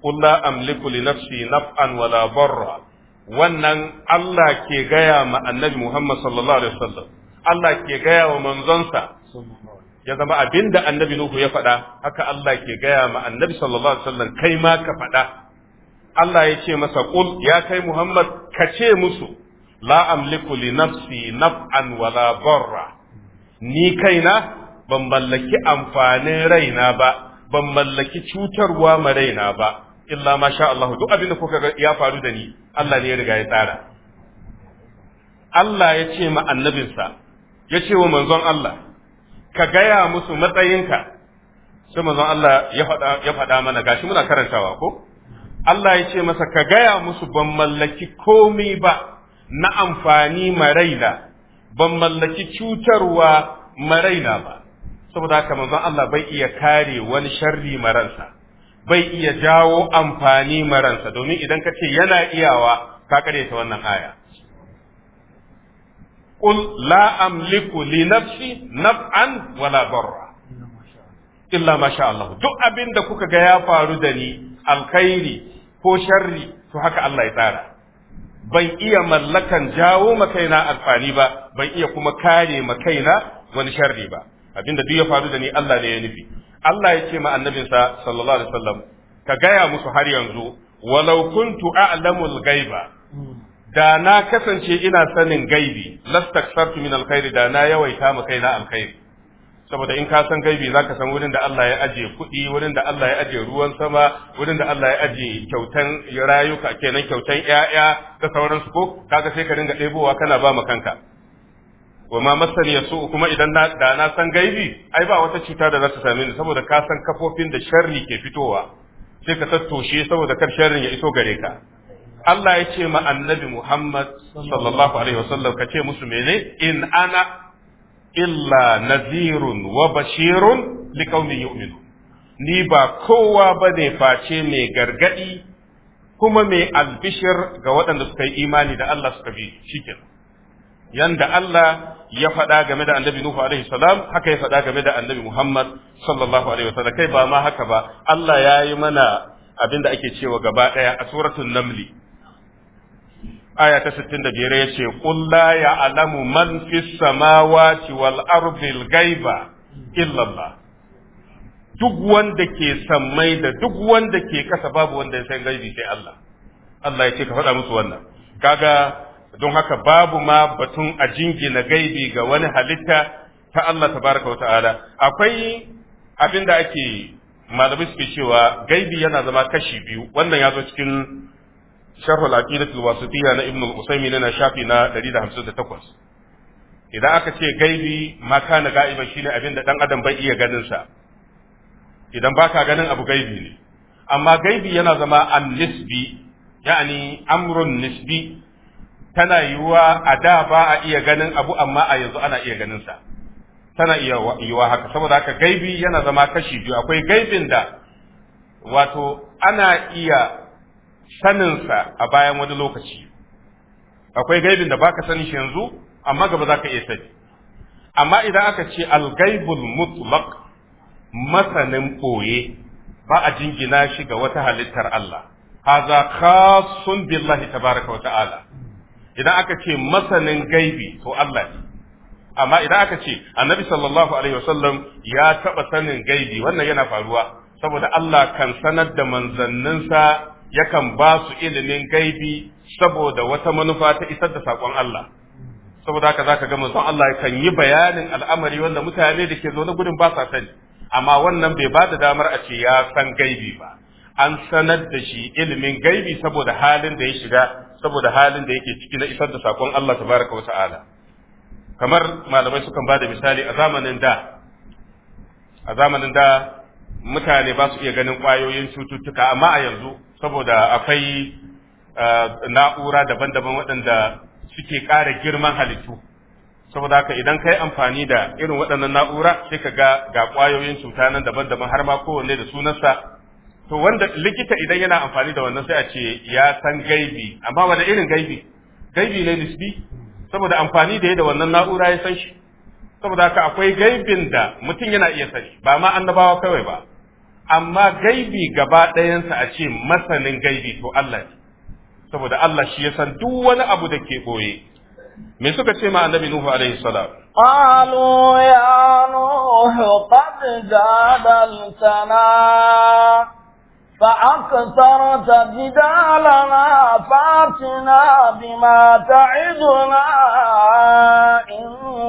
qul la amliku li nafsi naf'an wala barra wannan Allah ke gaya ma annabi Muhammad sallallahu alaihi wasallam Allah ke gaya wa manzonsa ya zama abin da annabi Nuhu ya faɗa haka Allah ke gaya ma annabi sallallahu alaihi wasallam kai ma ka faɗa Allah ya ce masa qul ya kai Muhammad ka ce musu la amliku li nafsi naf'an wala barra ni kaina ban mallaki amfanin raina ba ban mallaki cutarwa ma raina ba illa ma sha Allah duk abin da kuka ya faru da ni Allah ne ya riga ya tsara Allah ya ce ma annabinsa ya ce wa manzon Allah ka gaya musu matsayinka sai manzon Allah ya faɗa mana gashi muna karantawa ko Allah ya ce masa ka gaya musu ban mallaki komai ba na amfani maraina ban mallaki cutarwa maraina ba saboda haka manzon Allah bai iya kare wani sharri maransa bai iya jawo amfani maransa domin idan ka ce yana iyawa ka ta wannan aya قل لا أملك لنفسي نفعا ولا ضرا إلا ما شاء الله duk abin da kuka ga ya faru da ni alkhairi ko sharri to haka Allah ya tsara ban iya mallakan jawo makaina alfani ba ban iya kuma kare makaina wani sharri ba abinda duk ya faru da ni Allah ne ya nufi Allah ya ce ma annabinsa sallallahu alaihi wasallam ka gaya musu har yanzu walau kuntu a'lamul ghaiba da na kasance ina sanin gaibi lastaksartu min alkhairi da na yawaita ma kaina alkhairi saboda in ka san gaibi zaka san wurin da Allah ya aje kuɗi wurin da Allah ya aje ruwan sama wurin da Allah ya aje kyautan rayuka kenan kyautan 'ya'ya, da sauransu ko kaga sai ka dinga ɗebowa kana ba ma kanka wa ma masani yasu kuma idan na da na san gaibi ai ba wata cuta da za ta same ni saboda ka san kafofin da sharri ke fitowa sai ka tattoshe saboda kar sharrin ya iso gare ka Allah ya ce ma annabi Muhammad sallallahu alaihi wasallam ka ce musu mene in ana illa nazirun wa bashirun liqaumin yu'minu ni ba kowa ne face mai gargadi kuma mai albishir ga waɗanda suka yi imani da Allah suka bi cikin. yanda Allah ya faɗa game da annabi Nuhu alaihi salam haka ya faɗa game da annabi Muhammad sallallahu alaihi wasallam kai ba ma haka ba Allah ya yi mana abin da ake cewa gaba ɗaya a suratul namli aya ta 65 yace qul ya alamu man fis samawati wal ardi al ghaiba duk wanda ke sammai da duk wanda ke kasa babu wanda ya san gaibi sai Allah Allah yace ka faɗa musu wannan kaga don haka babu ma batun a jingina gaibi ga wani halitta ta Allah tabaraka wa ta'ala akwai abinda ake malamai suke cewa gaibi yana zama kashi biyu wannan ya zo cikin sharh al wasitiyya na ibn al-usaymin na shafi na 158 idan aka ce gaibi ma kana ga'iban shine abin da dan adam bai iya ganin sa idan baka ganin abu gaibi ne amma gaibi yana zama an nisbi yani amrun nisbi tana yiwuwa a da ba a iya ganin abu amma a yanzu ana iya ganin sa tana iya yiwuwa haka saboda haka gaibi yana zama kashi biyu akwai gaibin da wato ana iya saninsa a bayan wani lokaci akwai gaibin da baka sani shi yanzu amma gaba za ka iya sani amma idan aka ce algaibul mutlaq masanin ɓoye ba a jingina shi ga wata halittar Allah haza khasun billahi tabaraka wa ta'ala idan aka ce masanin gaibi to Allah ne amma idan aka ce annabi sallallahu alaihi wasallam ya taba sanin gaibi wannan yana faruwa saboda Allah kan sanar da manzanninsa yakan ba su ilimin gaibi saboda wata manufa ta isar da saƙon Allah saboda haka zaka ga manzon Allah kan yi bayanin al'amari wanda mutane da ke zo na gudun ba sa sani amma wannan bai ba da damar a ce ya san gaibi ba an sanar da shi ilimin gaibi saboda halin da ya shiga saboda halin da yake ciki na isar da sakon Allah tabaraka ta'ala. kamar malamai sukan ba da misali a zamanin da a zamanin da mutane ba su iya ganin kwayoyin cututtuka amma a yanzu saboda akwai na'ura daban-daban waɗanda suke ƙara girman halittu saboda haka idan kai amfani da irin waɗannan na'ura sai ka ga ga ƙwayoyin cuta nan daban-daban har ma kowanne da sunansa to wanda likita idan yana amfani da wannan sai a ce ya san gaibi amma wani irin gaibi gaibi ne nisbi saboda amfani da ya da wannan na'ura ya san shi saboda haka akwai gaibin da mutum yana iya sani ba ma annabawa kawai ba amma gaibi gaba ɗayansa a ce masanin gaibi to Allah ne saboda Allah shi ya san duk wani abu da ke ɓoye me suka ce ma annabi nuhu alaihi salam قالوا يا نوح قد جادلتنا فأكثر تجدالنا فاتنا بما تعدنا إن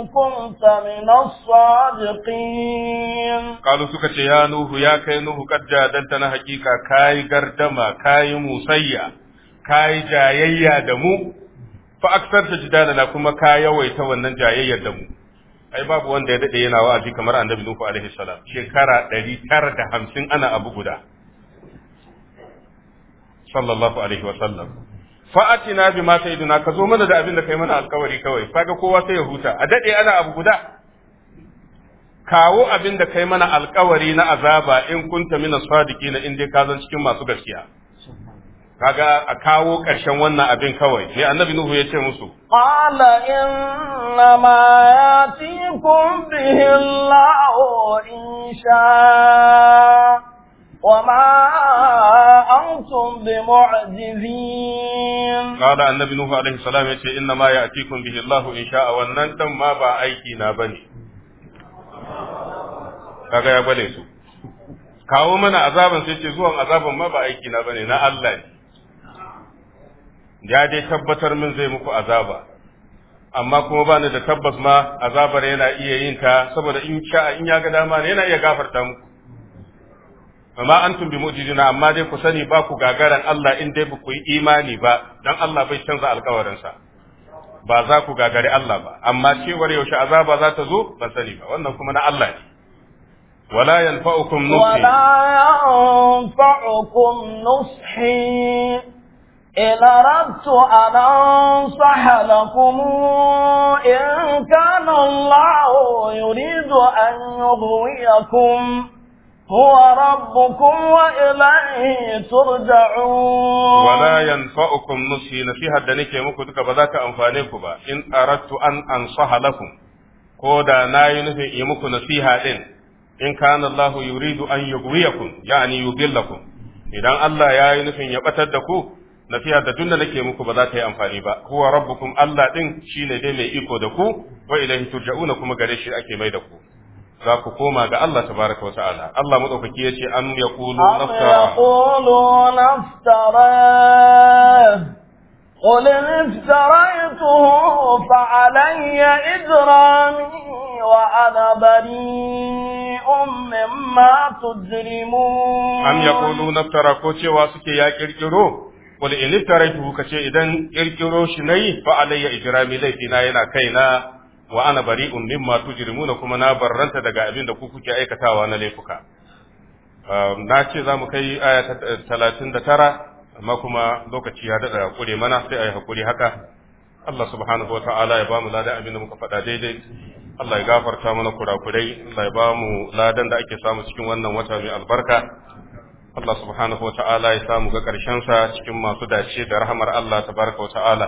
كنت من الصادقين قالوا سكت يا نوح يا كي نوح قد جادلتنا حقيقة كاي قردما كاي موسيا كاي جايا دمو فأكثر تجدالنا كما كاي ويتونا جايا دمو ai babu wanda ya dade yana wa'azi kamar annabi Nuhu alaihi salam shekara 950 ana abu guda sallallahu alaihi wasallam fa'atina bi ma ta'iduna ka zo mana da abin da kai mana alkawari kawai kaga kowa sai ya huta a dade ana abu guda kawo abin da kai mana alkawari na azaba in kunta mina sadiqina in dai ka zan cikin masu gaskiya kaga a kawo ƙarshen wannan abin kawai ne annabi nuhu ya ce musu qala inna ma yatikum bihi allah وما أنتم بمعجزين قال النبي نوح عليه السلام يتي إنما يأتيكم به الله إن شاء وننتم ما بأيكينا بني kaga ya bane su kawo mana azaban sai ce zuwan azaban ma ba aiki na bane na Allah ne ya dai tabbatar min zai muku azaba amma kuma bani da tabbas ma azabar yana iya yin ta saboda in sha in ya ga dama ne yana iya gafarta muku amma antum bi mu'jizina amma dai ku sani ba ku gagaran Allah in dai ba ku yi imani ba dan Allah bai canza sa. ba za ku gagari Allah ba amma cewar yaushe azaba za ta zo ban sani ba wannan kuma na Allah ne ولا ينفعكم نصحي ولا ينفعكم نصحي إن أردت أن أنصح لكم إن كان الله يريد أن يغويكم هو ربكم وإليه ترجعون ولا ينفعكم نصحي نصيحة دنيك مكو تكا بذاك أنفانيكو با إن أردت أن أنصح لكم كودا ناي نفي يمكو نصيحة إن إن كان الله يريد أن يغويكم يعني يضلكم إذا الله يا نفي يبتد دكو nasiha da tun da nake muku ba za ta yi amfani ba huwa rabbukum Allah din shine dai mai iko za ku koma ga Allah tabaraka wa ta'ala Allah madaukaki yace an yaqulu naftara yaqulu naftara قل إن افتريته فعلي إجرامي وأنا بريء مما تجرمون أم يقولون افترقوا cewa suke ya kirkiro qul in iftaraituhu kace idan kirkiro shi nayi fa alayya ijrami laifina yana wa ana bari bari'un mimma tujrimuna kuma na barranta daga abin da ku kuke aikatawa na laifuka um, na ce za mu kai aya eh, talatin da tara amma kuma lokaci ya daɗa kure mana sai a yi hakuri haka Allah subhanahu wa ta'ala ya ba mu ladan abin da muka faɗa daidai Allah ya gafarta mana kurakurai Allah ya ba mu ladan da ake samu cikin wannan wata mai albarka Allah subhanahu wa ta'ala ya samu ga karshen sa cikin masu dace da rahamar Allah tabaraka wa ta'ala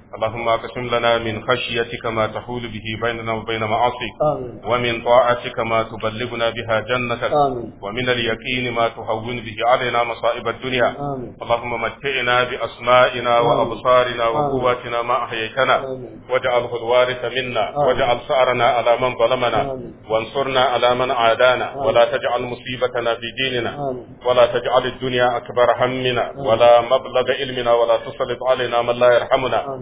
اللهم اقسم لنا من خشيتك ما تحول به بيننا وبين معاصيك ومن طاعتك ما تبلغنا بها جنتك ومن اليقين ما تهون به علينا مصائب الدنيا آمين. اللهم متعنا بأسمائنا آمين. وأبصارنا وقواتنا ما أحييتنا واجعله الوارث منا واجعل سعرنا على من ظلمنا وانصرنا على من عادانا ولا تجعل مصيبتنا في ديننا ولا تجعل الدنيا أكبر همنا ولا مبلغ علمنا ولا تسلط علينا من لا يرحمنا